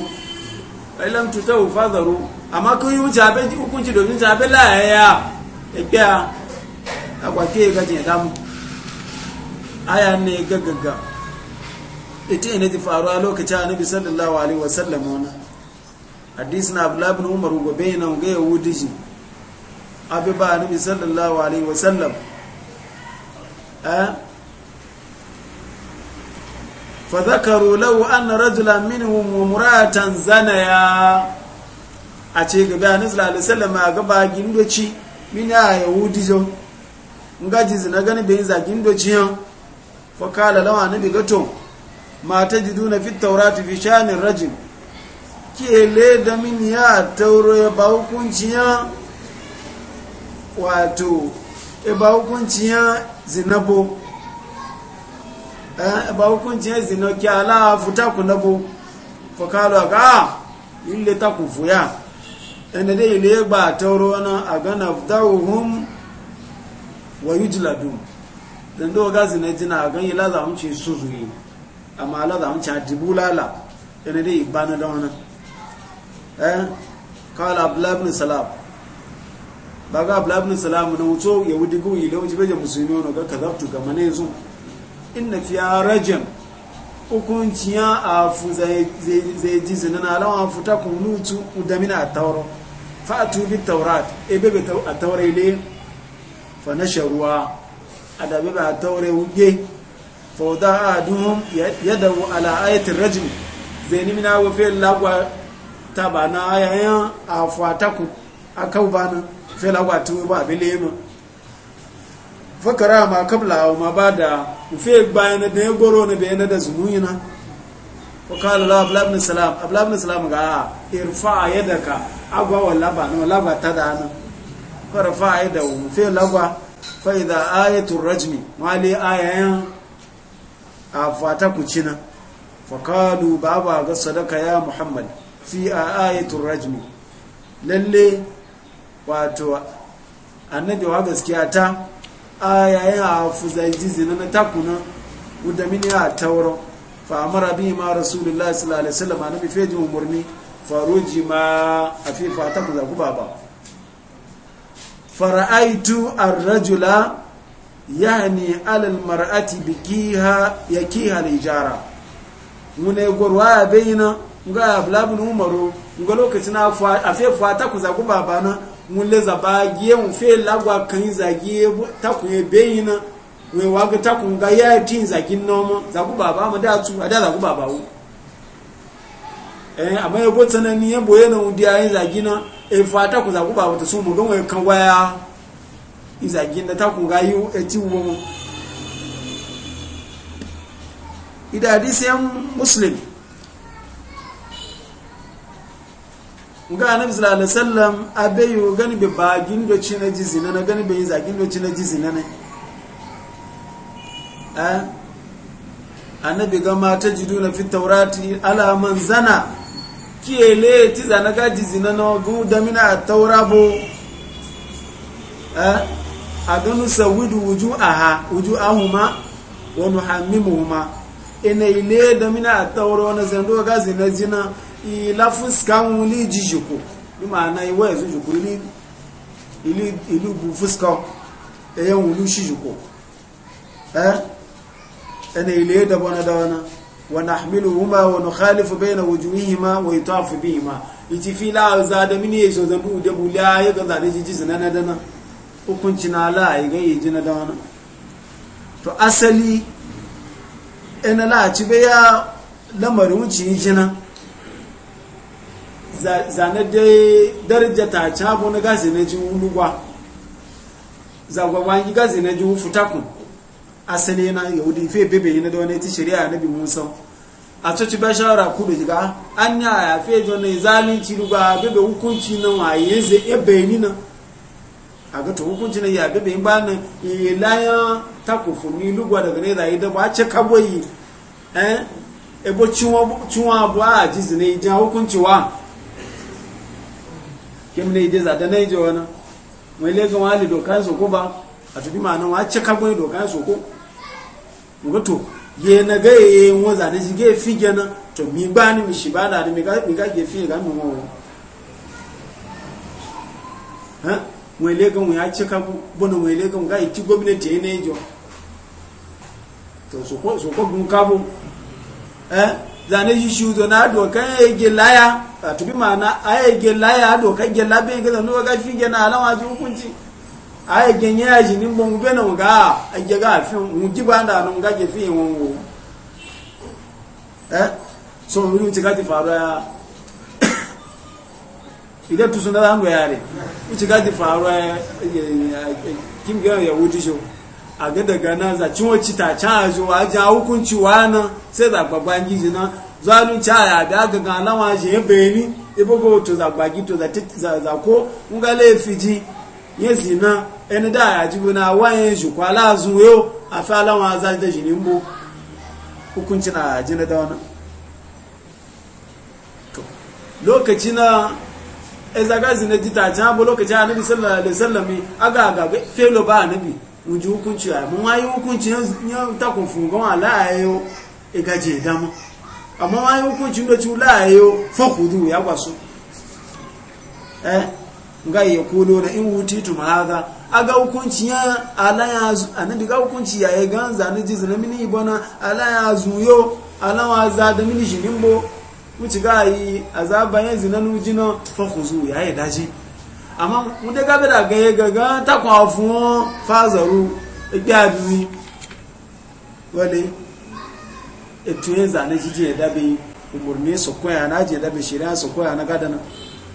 ilam tuta zaro amma ko yu jabe hukunci domin jabe la ya ebe a akwa ke ga je da mu aya ne gaga ita ne ti faru a lokacin annabi sallallahu alaihi wasallam wannan hadis na abdullah ibn umar gobe na ga yahudi ji abi ba annabi sallallahu alaihi wasallam فذكروا له أن رجلا منهم ومرأة زنيا أتي غبي أنس صلى الله عليه وسلم غبا جندوشي من يهودي جو ngaji zina gani bai zagin doci yan fakala lawa na daga to mata jidu na fi taurati fi shanin rajin ke min ya tauro ya ba hukunci yan wato Eh, ba hukunci ya zinabo ba hukunci ya zina ki ala futa ku nabo fakalo ga ile ta ku fuya ina dai ile ba tauro na a gana dawuhum wa yujladu dan do ga zina jina a ganyi la za mu ce suzuyi amma la za mu ce dibulala ina dai ibana da wannan eh qala abdullah ibn salam baga ablabin salamu na wuto ya wudi guyi da wuce bajan musulmi wani ga kazabtu ga mane in na fiya rajin hukunciya a fu zai ji zina na alawan futa kunutu udamina a tauro fa'atu bi taurat ebe be a taure ile fa na sharuwa a dabe ba a taure wuge fa wuta a duhun yadda ala ayatin rajin zai na wafe lagwa ta ba na yayan a ta ku a kau ba nan sai lagwa tuwo ba abin lema fakara ma kabla ma ba da mufe bayan da ya goro na bayan da zunuyi na wakala la abla ibn salam abla ibn salam ga irfa yadaka agwa laba na laba ta da nan farfa yadahu mufe lagwa fa idha ayatul rajmi mali ayayan afata kucina fakalu baba ga sadaka ya muhammad fi ayatul rajmi lalle wato annabi wa gaskiya ta a yayin a fuzaji zina na takuna wadda mini a tauro fa amara bi ma rasulullahi sallallahu alaihi wasallam annabi feji umurni faruji ma afifa ta kuza ku baba fara'aitu ar-rajula yani alal al-mar'ati bikiha yakiha al-ijara mune gorwa bayina ga ablabun umaru ga lokacin afifa ta kuza ku baba na mule zaba giye mu fe lagwa kan zagi takun e beyina we na takun ga ya tin zagi nomo ku baba mu da tu za ku baba wu eh amma yabo ya boye na mu dia yin zagi na e ta ku ku baba to su mu gon we kan waya in zagi na ku ga yu e ti wo mu ida hadisi muslim Nga anabi sallallahu alaihi wasallam abeyu gani be bagin do cina jizi na gani be zagin do cina jizi nana a eh? anabi ga mata na fi taurati ala man zana kiyele ti zana ga jizi nana gu da mina at-taurabo eh adunu sawidu wuju ahuma wa nuhammimuhuma ina ile da mina at na zando ga zina jina ila fuskan wuli jijiko bi ma'ana iwa yanzu jiko ilu bu fuskan ɗayan eh, wulu shi wani eh? da wani wani khalifu bai na wujuhihima wai tafi bihima iti fila za da na dana ala na to asali ɗana la ci lamarin wuce yi jina zane dai daraja ta cabo na gazi na ji wulugwa zagwagwangi gazi na ji wufutakun asali na yahudi fe bebe yi na da wani ti shari'a na bi musa a coci ba shawara kudu jiga an ya ya fe jo na zalunci ruga bebe hukunci na waye zai ebe ni na a ga to hukunci na ya bebe ba na yi layan takufu ni lugwa daga ne zai da ba ce kaboyi eh ebo ciwon abuwa a jizi ne jan hukunci wa kem ne ide zada na ije wani mai legan wali dokan soko ba a tafi ma'anin wa cika gwani dokan soko ga to ye na ga ye yin waza na shige fi gana to mi ba ni mi shi ba da ni mi ga ke fi ga mi mawa ha mai legan ya cika bana mai legan ga iti gwamnati ya na ijo to soko soko gun kabo eh zane shi shuzo na dokan ya yi gilaya a tubi mana a yi laya dokan gela bin gaza nuwa ga shi gina alama su hukunci a yi genye ya ji ni bon gube na nga a ge ga fi mu ji ba da nun ga ge fi won wo eh so mu ni tika ti faru ya idan tu sun da hango yare mu tika ti faru ya kim ga ya wuti shi a ga daga nan za cin wacce ta can a jiwa ji a hukunci wa nan sai za gbagba ji nan zalun ca ya da ga ga lawa je ya bayani ibogo to za gbagi to za za ko nga le ya zi na en da ya ji buna wa yin shi kwa la zu yo a fi alawa za da shi nimbo hukunci na ji na da wani lokaci na ezaga na ji ta can bu lokaci a nabi sallallahu alaihi wasallam aga ga felo ba nabi wunji hukunci a mun wayi hukunci ya takun fungon alayayo e gaje dama amma wayi hukunci ya kwaso eh nga ya kulo na in wutitu ma haka aga hukunci ya alaya ganza ni na mini ibona alaya zuyo mini shimbo wuci na amma àmọ́ mo dé gábẹ́dà gẹ́gẹ́ gangan takùn àwọn fún wọn fáàzọ̀rú ẹgbẹ́ wale wọlé ètò zane zànà jíjẹ ẹ̀dábẹ́ umarni su koya na je da shirya su koya na gada na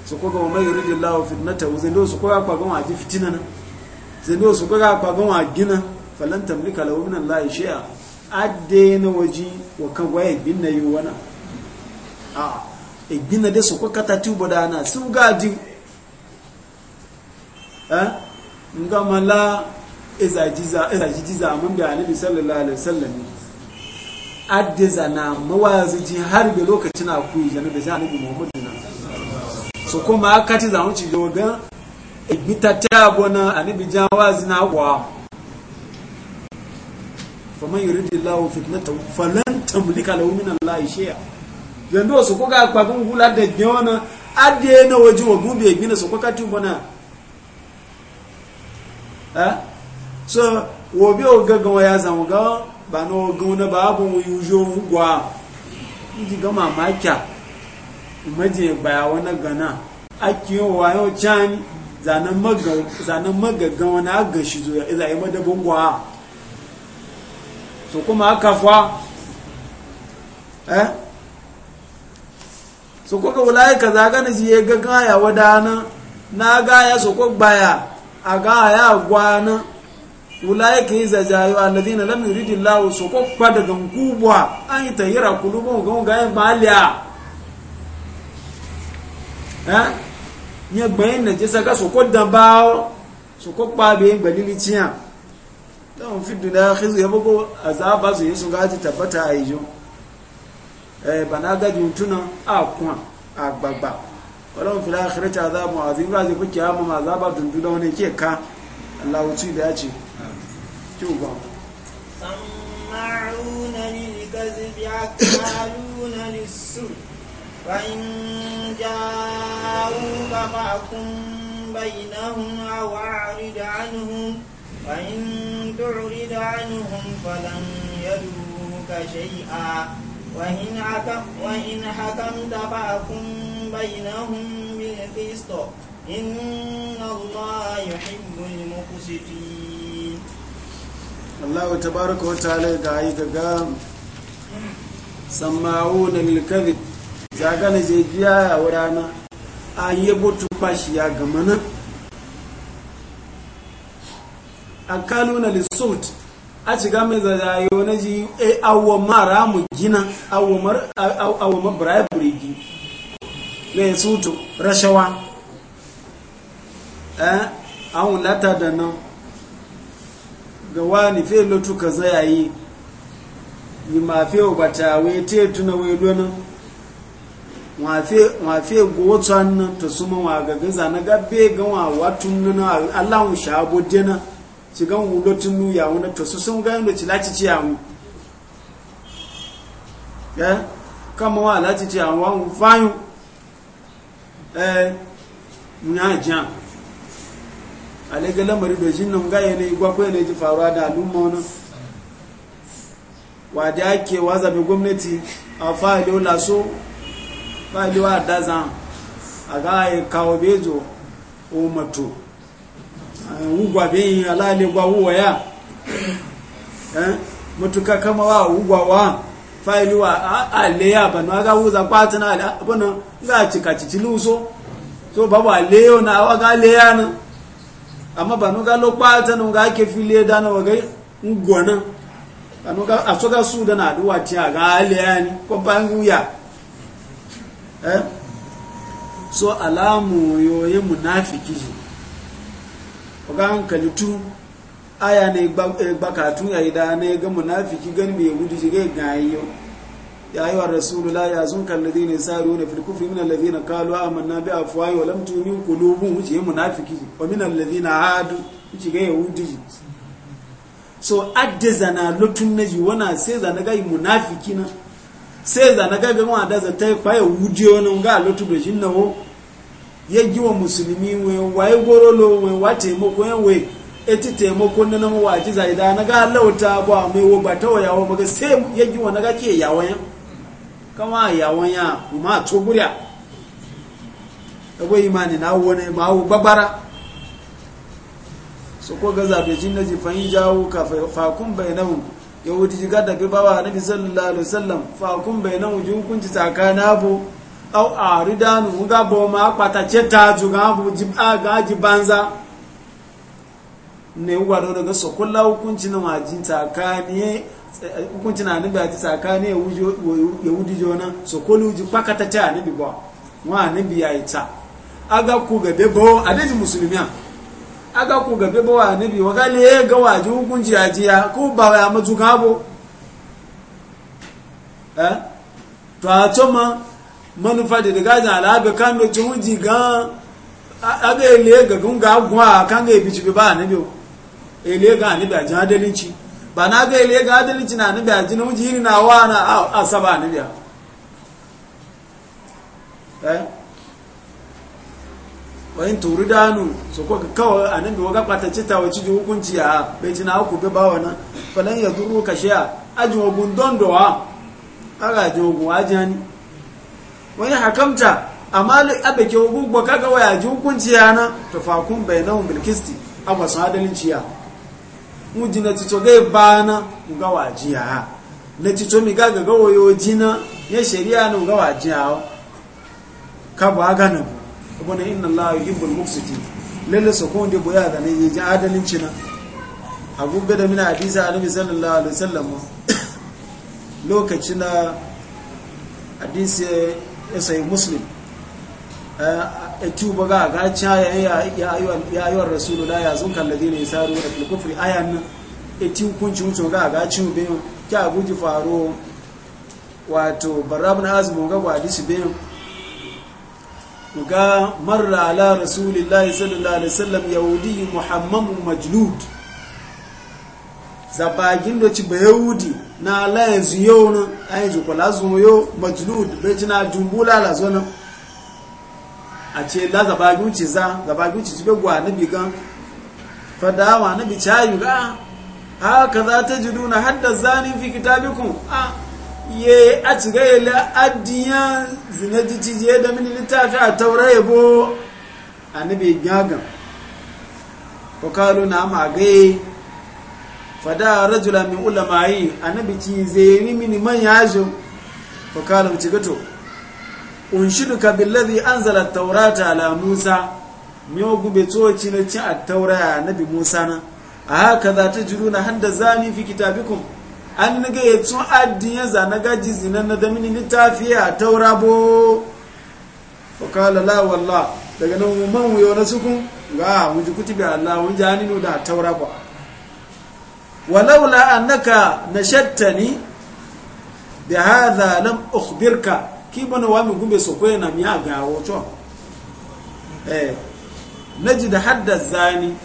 su koga wa mai rigin lawa fitnata wa zai su koya kwa gama ji fitina na zai su koya kwa gama gina falan tamlika lawa minan layi shay'a adde na waji wa kan waye gina yi wana a gina dai su koka katatu bada na sun gadi nga mala ezajijiza mun da annabi sallallahu alaihi wasallam addiza na mawazi har da lokacin akuyi jana da jana bi muhammadu na so kuma aka ci zamu ci doga ibita ta bona annabi jawazi na kwa faman yuridillahu fitnatahu falan tamlika lahu min allahi shay'a yando su kuga kwagun hula da gona adde na waje wa gube gina su kuka tubana Eh? so wo bi o gaga wa ya zan ga ba no ga na ba abun yujo gwa ndi ga ma ma je ba ya wani ki o wa yo chan zanen maga zanen magaga wani ga shi zo ya iza yi ma madabin gwa so kuma aka fa eh so ko ka wala ka zaga na ji ya gaga ya wada na ga ya so ko baya a ga ya gwana ulaika yi zajayo alladhi na lam yuridi Allah su kokwa daga kubwa an yi tayyira kulubun ga ga yin maliya eh nye gbayin na jisa ga su kodan bawo su kokpa be gbalili ciya don fi dunya khizu ya bugo azaba su yesu ga ji tabbata a yi jo eh bana ga juntuna a kuma agbagba ولهم في الآخرة عذاب عظيم بعد يقول كياما عذاب دندون كي كا الله وتي داتي شوف سماعون للكذب أكالون للسر فإن جاءوك فأكم بينهم أو أعرض عنهم فإن تعرض عنهم فلن يدوك شيئا وإن حكمت فأكم بينهم بالقسط إن الله يحب المقسطين الله تبارك وتعالى قام سماعون للكذب zai biya ورانا wurana a yi fashi ya gama nan a kanuna lissot a shiga mai zarayo na ji eh, awon mara mu gina awon bribery na ya tsuto rashawa eh an wulata da nan ga wani fe lotu ka zaya yi yi mafe bata wai te tuna wai lonan wafe gowacu hannun ta suma wa gagaza na gabe gawa watun nuna allahun shahabo dena ci gan wulotin nuya wani ta su sun gani da cilaci ciya mu ya kama wa alaci ciya wa fayu eh nya jan ale ga lamari do jin nan ga yana igwa ko yana ji faruwa da al'umma wani wa da ake waza bi gwamnati a fa'ilo laso fa'ilo a dazan a ga yi kawo bezo o mato wugwa bin alale gwa wuwa ya eh mutuka kama wa wugwa wa fa'ilo a ale ya banu aga wuza kwatina abana za a cika cici luso so babu aleyo na awa ga leya na amma ba nuga lo kpata na ga ake fili da na waga ngwana ba nuga a soga su da na aduwa ci a ga aleya ni ko banguya eh so alamu yoye munafiki ga hankali aya na igbakatun ya ida na ga munafiki gani mai gudu shiga gayi yau يا أيها الرسول لا يحزنك الذين يسارون في الكفر من الذين قالوا آمنا بأفواه ولم تؤمن قلوبهم وجه منافقين ومن الذين عادوا وجه يهودي so adde zana lotun na wana sai zana ga munafiki na sai zana ga ga wanda za ta fa ya wuje wannan ga lotu do shin nawo ya wa musulmi eti te na nan wa waji zai da na ga lauta ba mai wo ba ta wa maga sai ya wa na ga ke yawon kama yawon ya ma tsoburya abu imani na wani ma'awu babbara su ko ga jin na yi jawo ka fakun bai nan yahudi jiga da bi bawa na bi sallallahu alaihi wasallam fakun bai nan ji hukunci na abu au a ridanu ga ba ma kwatace ta juga abu ga ji banza ne ugwado daga sokolla hukunci na majin tsakanin hukuncin annabi a ji tsakani yahudi jona so kolu ji kwakata ta annabi ba wa annabi ya yi ta aga ku gabe ba a daji musulmi a aga ku gabe ba wa annabi wa gale ya ga waje hukunci a jiya ko ba ya matu gabo eh to a to ma manufa da daga jan alabe kan do ci hunji gan abe ile ga gunga gwa kan ga ibici ba annabi ile e ga annabi a jan adalinci ba na bai le ga adalci na ni biya wuji jiri na wa na asaba ni biya eh wayin turu danu su kuka kawai anan bi waga kwatacci ta wace ji hukunci a bai jina ku bi ba wani falon ya duru ka shiya aji ogun dondowa aga ji ogun hannu. wani hakamta amma abake ogun gbaka kaga waya ji hukunci ya na tafakun bainahum bilkisti masu adalci ciya muji na tito gai bana muga waji ya na tito mi ga ga gawo yo jina ya shari'a na muga waji ya ka ba ga na ko ne inna allaha yuhibbul muqsitin lalle so ko ndi boya da ne yi adalin cina agubbe da mina hadisi annabi sallallahu alaihi wasallam *coughs* lokacin da hadisi ya sayi muslim eh, tuba ga ga caya ya ya ayyuhar rasulu la ya zunkan ladina yasaru da kufri ayan nan eti hukunci mutu ga ga cin be ki abuji faro wato barabun azmu ga gwadi su be ga marra ala rasulillahi sallallahu alaihi wasallam yahudi muhammamun majnud zabagin da ci bayahudi na ala yanzu yau nan ayi zukwala zuwa yau majnud bai na jumbula la zo nan a ce la zabagin ci za zabagin ci cibe gwa na gan fadawa na bi cayu ga haka za ta ji nuna haddar zanen fi kitabikun a ye a ci ga la adiyan zinaji cije da mini littafi a taura yabo a na bi gagan kalu na magaye fada rajula min yi a na bi ci zai mini man yajin ko ci gato unshiduka billazi anzala taurata ala musa miyo gube tsoci na cin attaura ya nabi musa na a haka za ta jiru na handa zani fi kitabikum an naga ya tun addin ya zana gaji zinan na damini littafi a taura bo fakala la walla daga nan man wuyo na sukun ga mun ji kutubi allah mun ji hannu da taura ba walaula annaka nashattani bi hadha lam ukhbirka ki bana wa mi gumbe so koyana mi aga wocho eh da hadda zani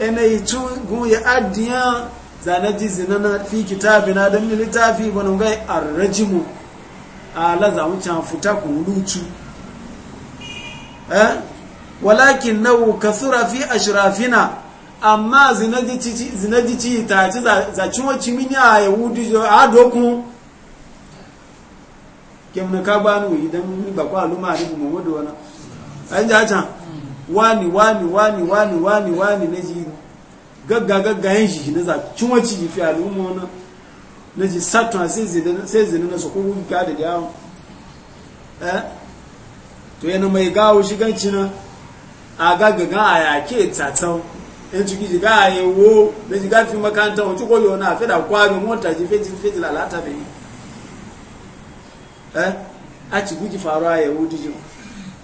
ene yitu gun ya adiya zanaji zinana fi kitabina dan mi litafi bana ngai arrajimu ala za wucin futa ku lutu eh walakin nau kasura fi ashrafina amma zinaji ci zinaji ci ta ci zaci ciwo cimini a yahudi a dokun kemna ka banu idan ni ba kwa luma ni mu wado wana an ja can wani wani wani wani wani wani na ji gagga gagga yin shi na za cin wace ji fi al'umma wana na ji satun sai zina na su ku wun ka da yawo eh to yana mai gawo shi ganci na a gaggaga a yake tatsau in ciki ji ga a yi wo da ji fi makanta wancin koyo na fi da kwami mota ji fi ji fi lalata bai Eh? a ci guji faru a wuce ji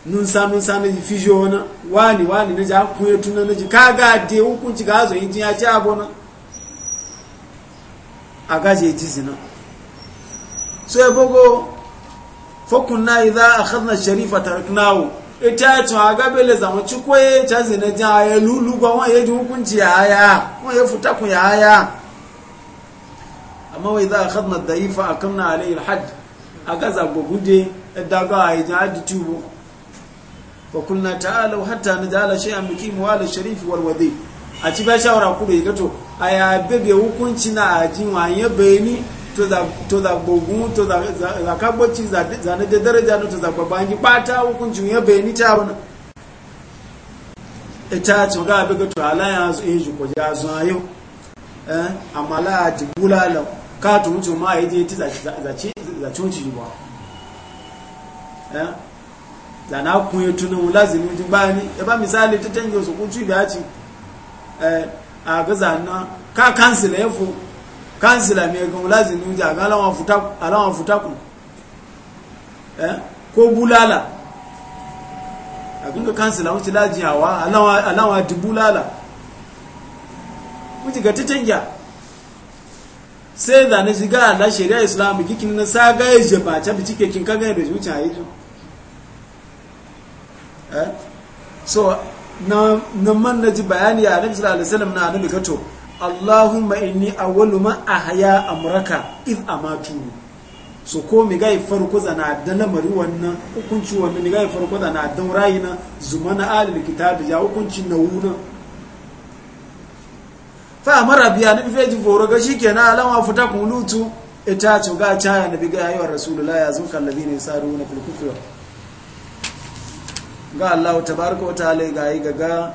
nun nunsa na ji fijo wani wani wani na ji akwai tunan na ji kaga de hukunci ga zo yin jiya ci abona a gaje ji zina so ya gogo fokun na a akhadna sharifa taraknahu ita to aga bele le zama ci koye ta zina ja a lulu gwa wa ya ji hukunci ya haya wa ya futa ku ya haya amma wa idza akhadna dhaifa akamna alayhi hajji agaza gbogude daga a ijin adi tubo wa kulna ta'alau hatta na jala shi a miki muwala sharifi walwade a ci bai shawara ku bai gato a ya bebe hukunci na ajin wanye bayani to eh, za gbogun to za kagbaci za na da daraja na to za gbabangi bata hukunci ya bayani ta wani ita ce ga abin gato alayan su yi jiko ya zuwa yau amma la jibula lau ka tumutu ma ya je ti za chunchi eh? e ba eh za na kun yetu ne lazimi ji bani e ba misali ta tango su kun aci eh a ka kansila yafu kansila me ga lazimi ji ga lawan futa alawan futa ku eh ko bulala abinda kansila wuce lajiyawa alawa alawa dubulala wuce ga ta tangiya sai da na shiga Allah shari'a islamu gikin na saga ya je ba ta bi cike kin kaga da zuciya yi eh so na na man naji bayani ya Annabi sallallahu alaihi wasallam na annabi kato Allahumma inni awwalu a ahya amraka id amatu so ko mi ga farko zana da lamari wannan hukunci wannan mi ga farko zana dan rayina zumana alil da ya hukunci na wurin fa mara biya nabi ji foro ga shikenan alama futa kun lutu ita ce ga caya nabi ga yayin rasulullahi ya zuka alladhina yasaruna fil kufri ga Allah tabaraka wa ta'ala ga yi gaga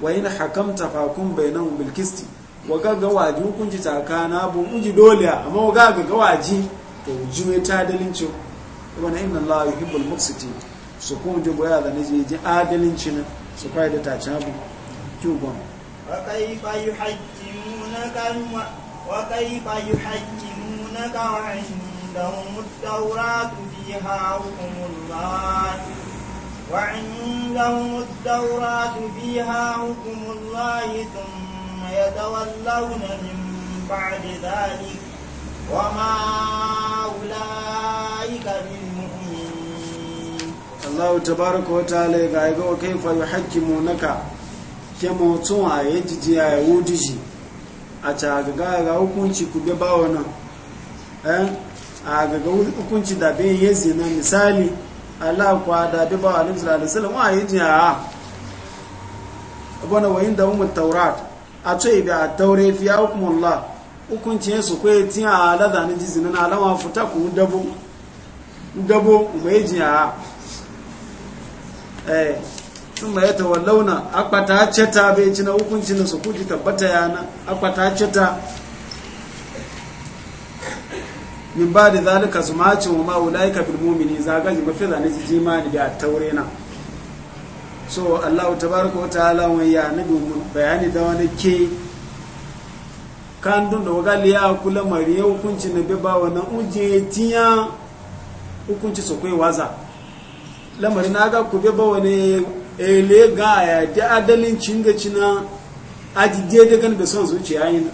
wa in hakamta fa kun bainahum bil qisti wa ga ga waji hukunci takana bu uji dole amma ga ga waji to jume ta dalinci wani inna Allah yuhibbul muqsitin su kun ji boya da naji ji adalincin su kai da ta cabu kyuban fa kai fa yuhajj يعرفونك الم... وكيف يحكمونك وعندهم التوراة فيها حكم الله وعندهم التوراة فيها حكم الله ثم يتولون من بعد ذلك وما أولئك بالمؤمنين الله تبارك وتعالى قال وكيف يحكمونك كما تون عيد جي عيود جي a ta gaga ga hukunci ku be ba wannan eh a gaga hukunci da be yezi na misali Allah kwa da be ba alim sallallahu alaihi wasallam wa yi a bana wayin da mu taurat a ce bi a taure fi hukmullah hukunci yesu ko tin a lada ni jizinin alama futa ku dabo dabo mai jiya eh sun ma ya tawallauna akwata ceta bai ci na hukunci na su tabbata yana akwata ceta min ba da zalika su macin wa ma'ulaika bil mumini zagaji mafi zane jima ne da taure na so allahu tabaraka wa ta'ala wani ya nabi bayani da wani ke kan dun da waga ya kula mariya hukunci na beba wannan uje tiya hukunci su kai waza lamarin na ga ku beba wani ele ga ya ta adalin cinga na ajije da gan da son zuciya na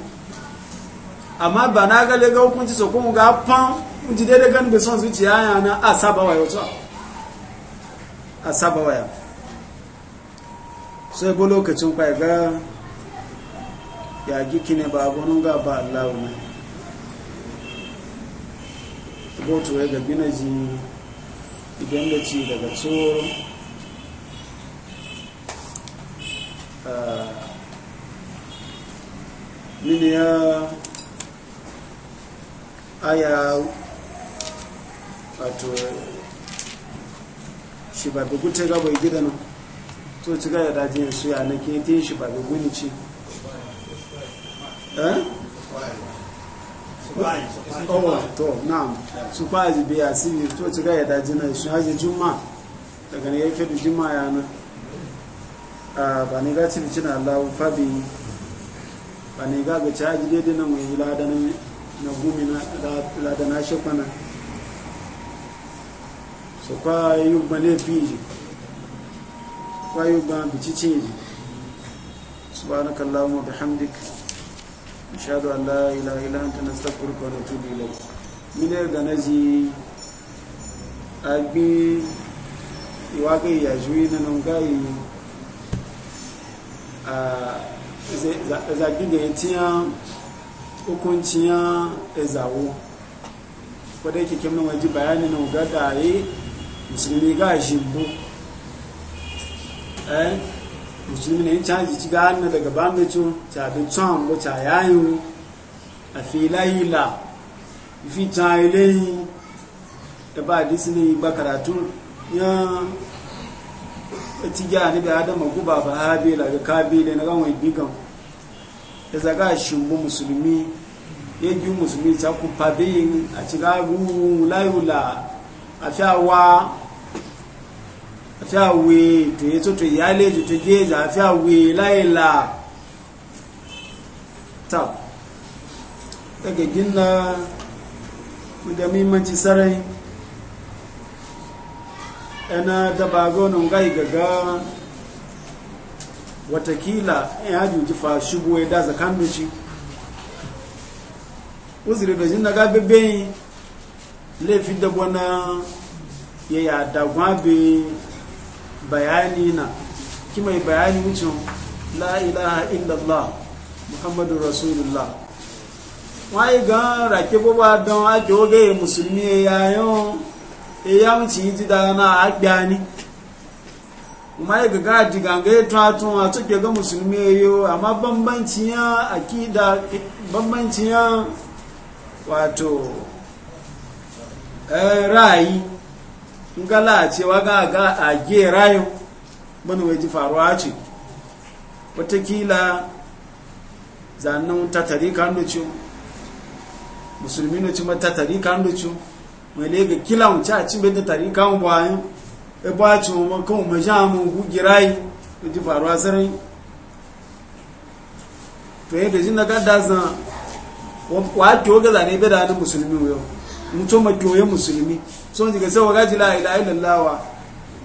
amma ba na ga le ga hukunci so kuma ga fan ji da gan da son zuciya yana asaba wa yau a wa waya so bo lokacin kai ga ya giki ne ba gonun ga ba Allah ne boto ya ga binaji idan da ci daga tsoro mini ya aya wato shi ba bi gute gaba gida gidan to ci gaya dajiyar su ya na kete shi ba bi guni ci to na'am su kwaji a siri to ci gaya na su haji juma daga ne ya fi juma ya nan Ah, ba ne ga cibici na allahu fabi ba ne ga gaci haji daidai na mai ladanin na gumi na ladana shi kwana su kwa yi ba ne fi ji kwa yi ba bici ce ji su ba na kallon mu da hamdik shaɗu allah ilahila ta na stakwar kwanar tudu ilai mine da na ji agbi iwagai ya juyi na nan gayi Ah, zagi da ya tiya hukunciya ezawo wadda yake kemna waje bayani eh, na da yi musulmi ga shimbo eh musulmi na yi caji ci gane daga bambacho cabi tsohon bo ca yayin a filayila fi can ilayi da ba disney ba karatu yan ti gya ni bai adama guba ba habila ga kabila na ganwa bigan ya zaga shimbu musulmi ya gi musulmi ta ku fabiyin a ciga ruhu layula a fiyawa a we to ya toto iyale ji to geja a fiyawe la ta daga gina da muhimmanci sarai ana dabago nun gai gaga watakila ya eh, juji fa shubu ya da zakan duci uzuri da jinna ga bebe laifin da gwana ya ya da gwabe bayani na kima bayani wucin la ilaha illallah muhammadu rasulullah Wa yi gan rake bá don ake oge musulmi ya yi eya wuce yi ji daga na a gbiya ni kuma ya gaga diganga ya tuwatun a tuke ga musulmi yayo amma bambanci ya akida bambanci ya wato eh, ra'ayi ngala cewa ga ga a ge rayu mana wai ji faruwa ce watakila zanen ta tarika nucu musulmi nucu ma ta tarika nucu mene ga kila mu cha cin benda tari kan bo e ba chu mo ko mo ja mu gu girai to ji faru asari to e bejin da dazan wa to ga zane be da musulmi yo to ma to ye musulmi so ji ga sai waga ji la ilaha illallah wa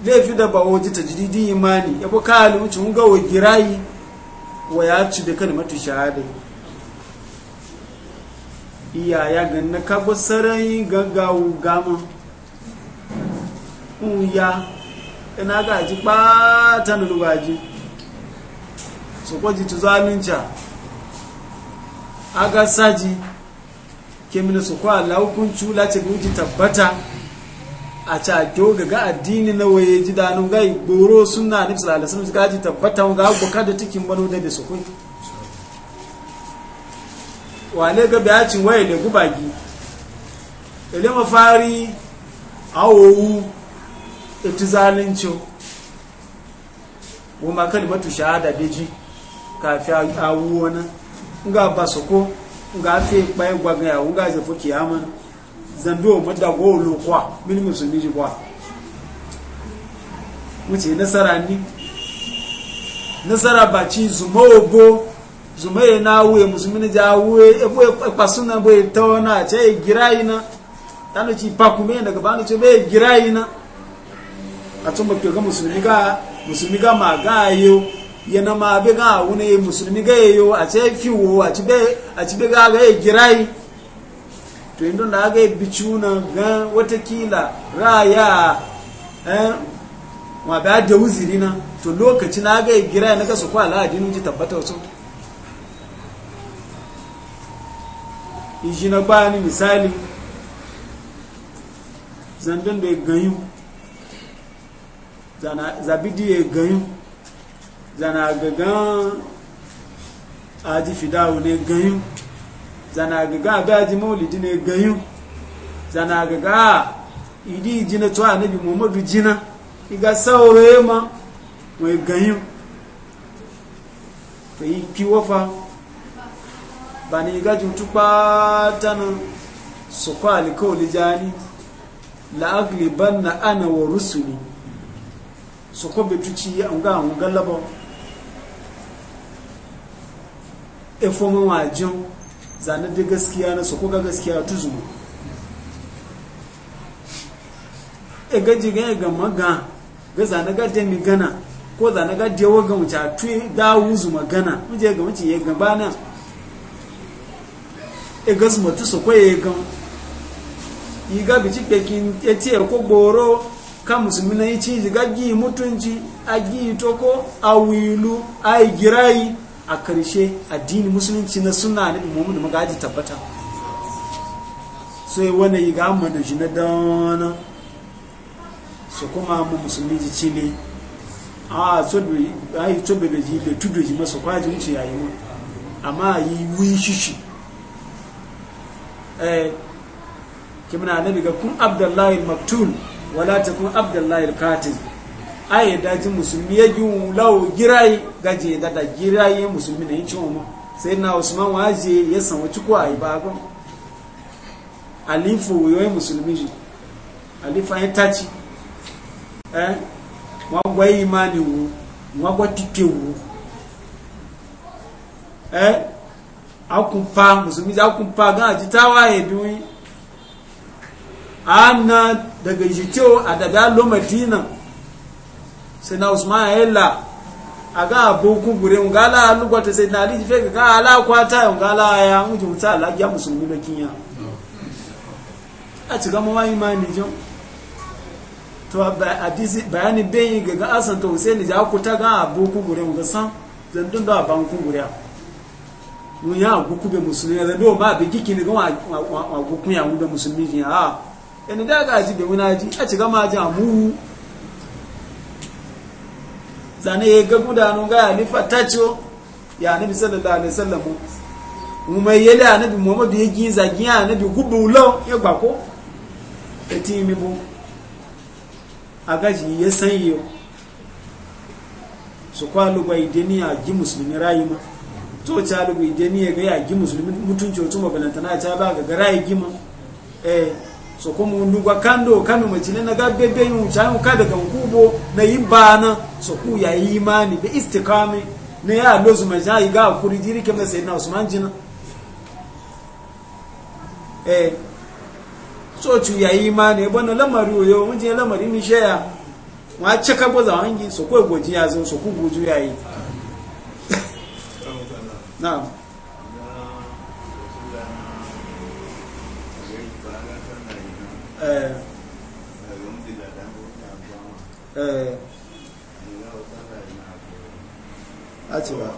zai fi da ba ta jididin imani ya bu kalu mu ga wa girai wa ya ci da shahada iyaya ganna kabo sarai gaggawu gama uya ina gaji ɓata na lugaji su kwaji tu zaminca aga saji mini su kwa laukun cula ce guji tabbata a cakyo gaga addini na waye ji danin gai goro suna nufi salalasun gaji tabbata ga abubuwa da cikin bano da su kwai wane ga bayacin waye ne gubagi ile mafari awowu ita zalincin wuma kalimatu shahada beji kafi awu wani nga basoko nga fi kpaye gwagan ya nga zafi kiyama da mada golo kwa mini musulmi ji kwa wuce nasara ni nasara ci zuma obo zumaye na wuye musulmi ja wuye ebo ekpasuna e- bo etona che giraina tano ci pakume daga banu ce be e giraina atumba ga musulmi ga musulmi ga yo yana ma be ga wune musulmi ga e yo a ce fiwo a ci be a ci be ga ga girai to indo na ga bicuna ga wata kila raya eh wa ba da wuzirina to lokaci na ga girai na ga su kwa ladin ji tabbata wasu iji ba ni misali zandun da ya ganyu zabidi ya ganyu zana gagan aji fidawo ne ganyu zana gagan abe aji maulidi ne ganyu zana a idi jina to anabi muhammadu jina iga sauraye ma mai ganyu fa yi fa. ba ni gaji mutu kwatanin su kwali kawai jani ban na ana wa rusuli su kwabe tuci an ga an galaba efomin wajen zane da gaskiya na su ga gaskiya tuzumu e gaji ga e ga maga ga zane ga da gana ko zane ga da waga wuce a tuyi dawo zuma gana muje ga wuce ya gaba nan tí sọ̀kọ́ yẹ gan yi gabi ci pekin etiyar ko goro ka musulmi na ici ji gaggi mutunci a tó toko a ìlú a girayi a karshe addini musulunci na suna da imomi da magaji tabbata So wani yi ga amma da shi kuma mu musulmi ji cile a yi tobe da ji da tudu ji masu ti wuce yayi amma yi shishi eh kimna nabi ga kun abdullahi maktul wala ta takun abdullahi alqatil aye daji musulmi ya gi lawo girai gaje da da girai musulmi ne ci mu sai na usman waje ya san wuci ko ai bagon alifu yoy musulmi ji alifa ya tachi eh wa gwa imani wu wa gwa tikewu eh akunpa musulmi za akunpa gan aji tawaye biyu ana daga jitewa a daga lo madina sai na usman yalla a ga abokin gure nga ala ala lugwata sai na liji fega ga ala kwata yau ga ala ya mutu mutu ala ya musulmi na kinya a ci gama wani ma ni jan to bayani bayin ga ga asan ta ni ja ku ta ga abokin gure mu ga san zandun ban abankun gure mun ya aguku be musulmi ya zando ma be kiki ne gama aguku ya wunda musulmi ji ha ah. yana da ga ji be wuna ji a ci gama ji amu zane ya ga gudanu ga ya nifa tacho ya nabi sallallahu alaihi wasallam mu mai yada nabi muhammadu ya gi zagi ya nabi gubu lo ya gba ko eti mi bu agaji ya san yo so kwa lugwa ideni a gi musulmi rayima to ca lugu ni ga ya gi musulmi mutunci otu mabalanta na ca ba ga gara ya mu eh so kuma ndugwa kando kano macile na ga bebe yin ca yin ka daga kubo na yi bana so ku ya yi imani da istikami ne ya dozu mai ja yi ga kuri jiri kemgbe sai na usman jina eh so tu ya yi imani ba na lamari oyo je lamari mi sheya wa cika boza hangi so ko goji ya zo so ku goji ya yi na'am eh eh a ci ba amma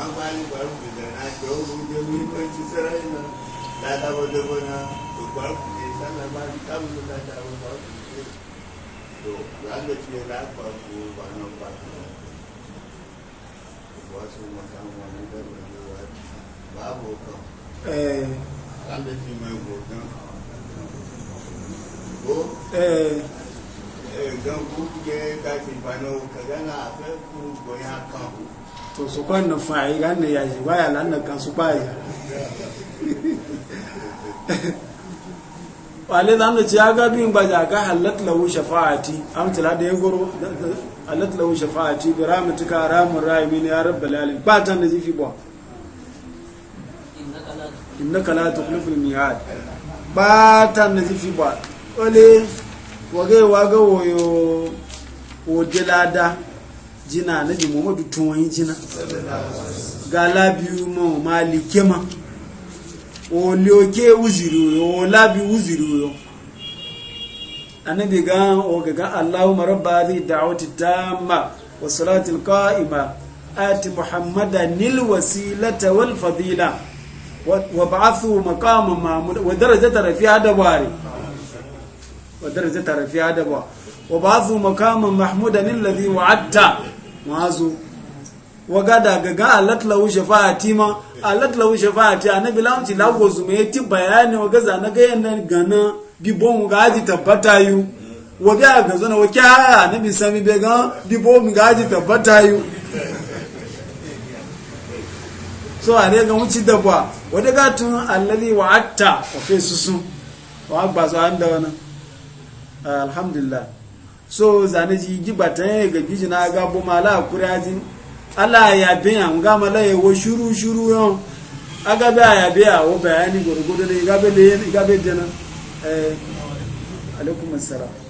ah, bayan gwarin na lakamadabana to babu ne sannan ma ni kamun da ta abu ba su ne to ranar ce na kwaso ba nan ba su ne ba su makamu wani da wani wa babu kan ranar ce mai gogan ko gangu je gafi bano kagana afẹ́ kun goya kan to sukwan na fa'i ranar yaji baya lannan kan su baya wale da mu ci ya ga bin ba ga halat lahu shafa'ati am tala da ya goro halat lahu shafa'ati bi rahmatika rahamur rahimin ya rabba alamin ba can da zifi ba innaka la tukhliful mi'ad ba tan da zifi ba wale wage wage woyo o jina na ji muhammadu tun jina ga labiyu ma malikema olioke uziri yo labi uziri yo annabi ga o gaga allahumma rabba hadhihi da'wati tamma wa salati alqa'ima ati muhammadan nil wasilata wal fadila wa ba'athu maqaman mahmud wa darajata rafi'a dabari wa darajata rafi'a dabari wa ba'athu maqaman mahmudan alladhi wa'adta ma'azu waga daga ga alat lahu shafa'ati ma alat na shafa'ati annabi launci lawo zuma yati bayani waga zana ga yana gana bibon ga aji tabbata yu waga ga zana wake haya annabi sami bega ga bibon ga aji tabbata yu so a rega wuci dabba wadda ga tun wa wa'atta wa fi susun wa agba su an da wannan alhamdulillah so zane ji gibata ga gijina ga bo mala kurajin ala ya biya nga la ya wo shuru shuru yon aga ayabi ya biya wo bayani gurgudu ne ga be le ga be dana eh alaikum assalam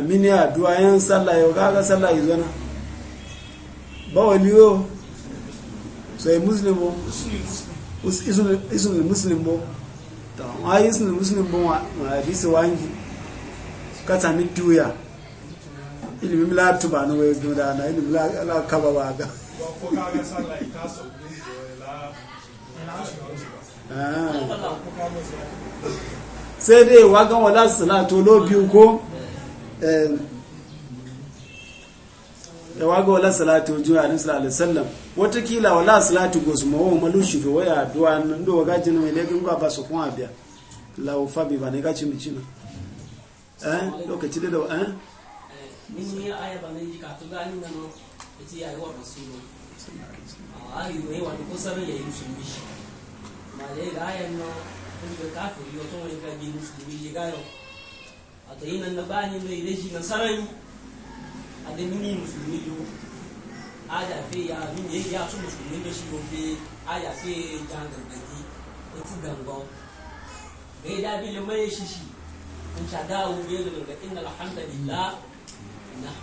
mini addu'a yan sallah yau kaga sallah yi zana ba wali yau sai muslim bo isun muslim bo ta ma yi isun muslim bo wa hadisi wangi kata ni duya ilimin la tuba na waye da na ilimin la kaba ba ga ah. sai dai wagan wala salatu lo biyu ko da waga wala salatu juya ni sallallahu alaihi wasallam kila wala salatu gosmo wa malushi fi waya duwa ndo waga jin mai lekin ba basu kuma biya la ufa bi bane ga cimi cina eh lokaci da eh min ya aya ba ne ka to gani nan ti ya wa rasulu ah ayi ne wa ko sanin ya yi shi mishi ma le ga aya no ko ka to yo to ne ga bi musulmi ga yo A ta yi nan na bani mai reji na sarari a da mini musulmi yo a da fe ya min ya ya su musulmi da shi gobe a ya fe ya gangaki ya gangan, gangon da ya dabi limai shi shi in dawo bai da daga inna alhamdulillah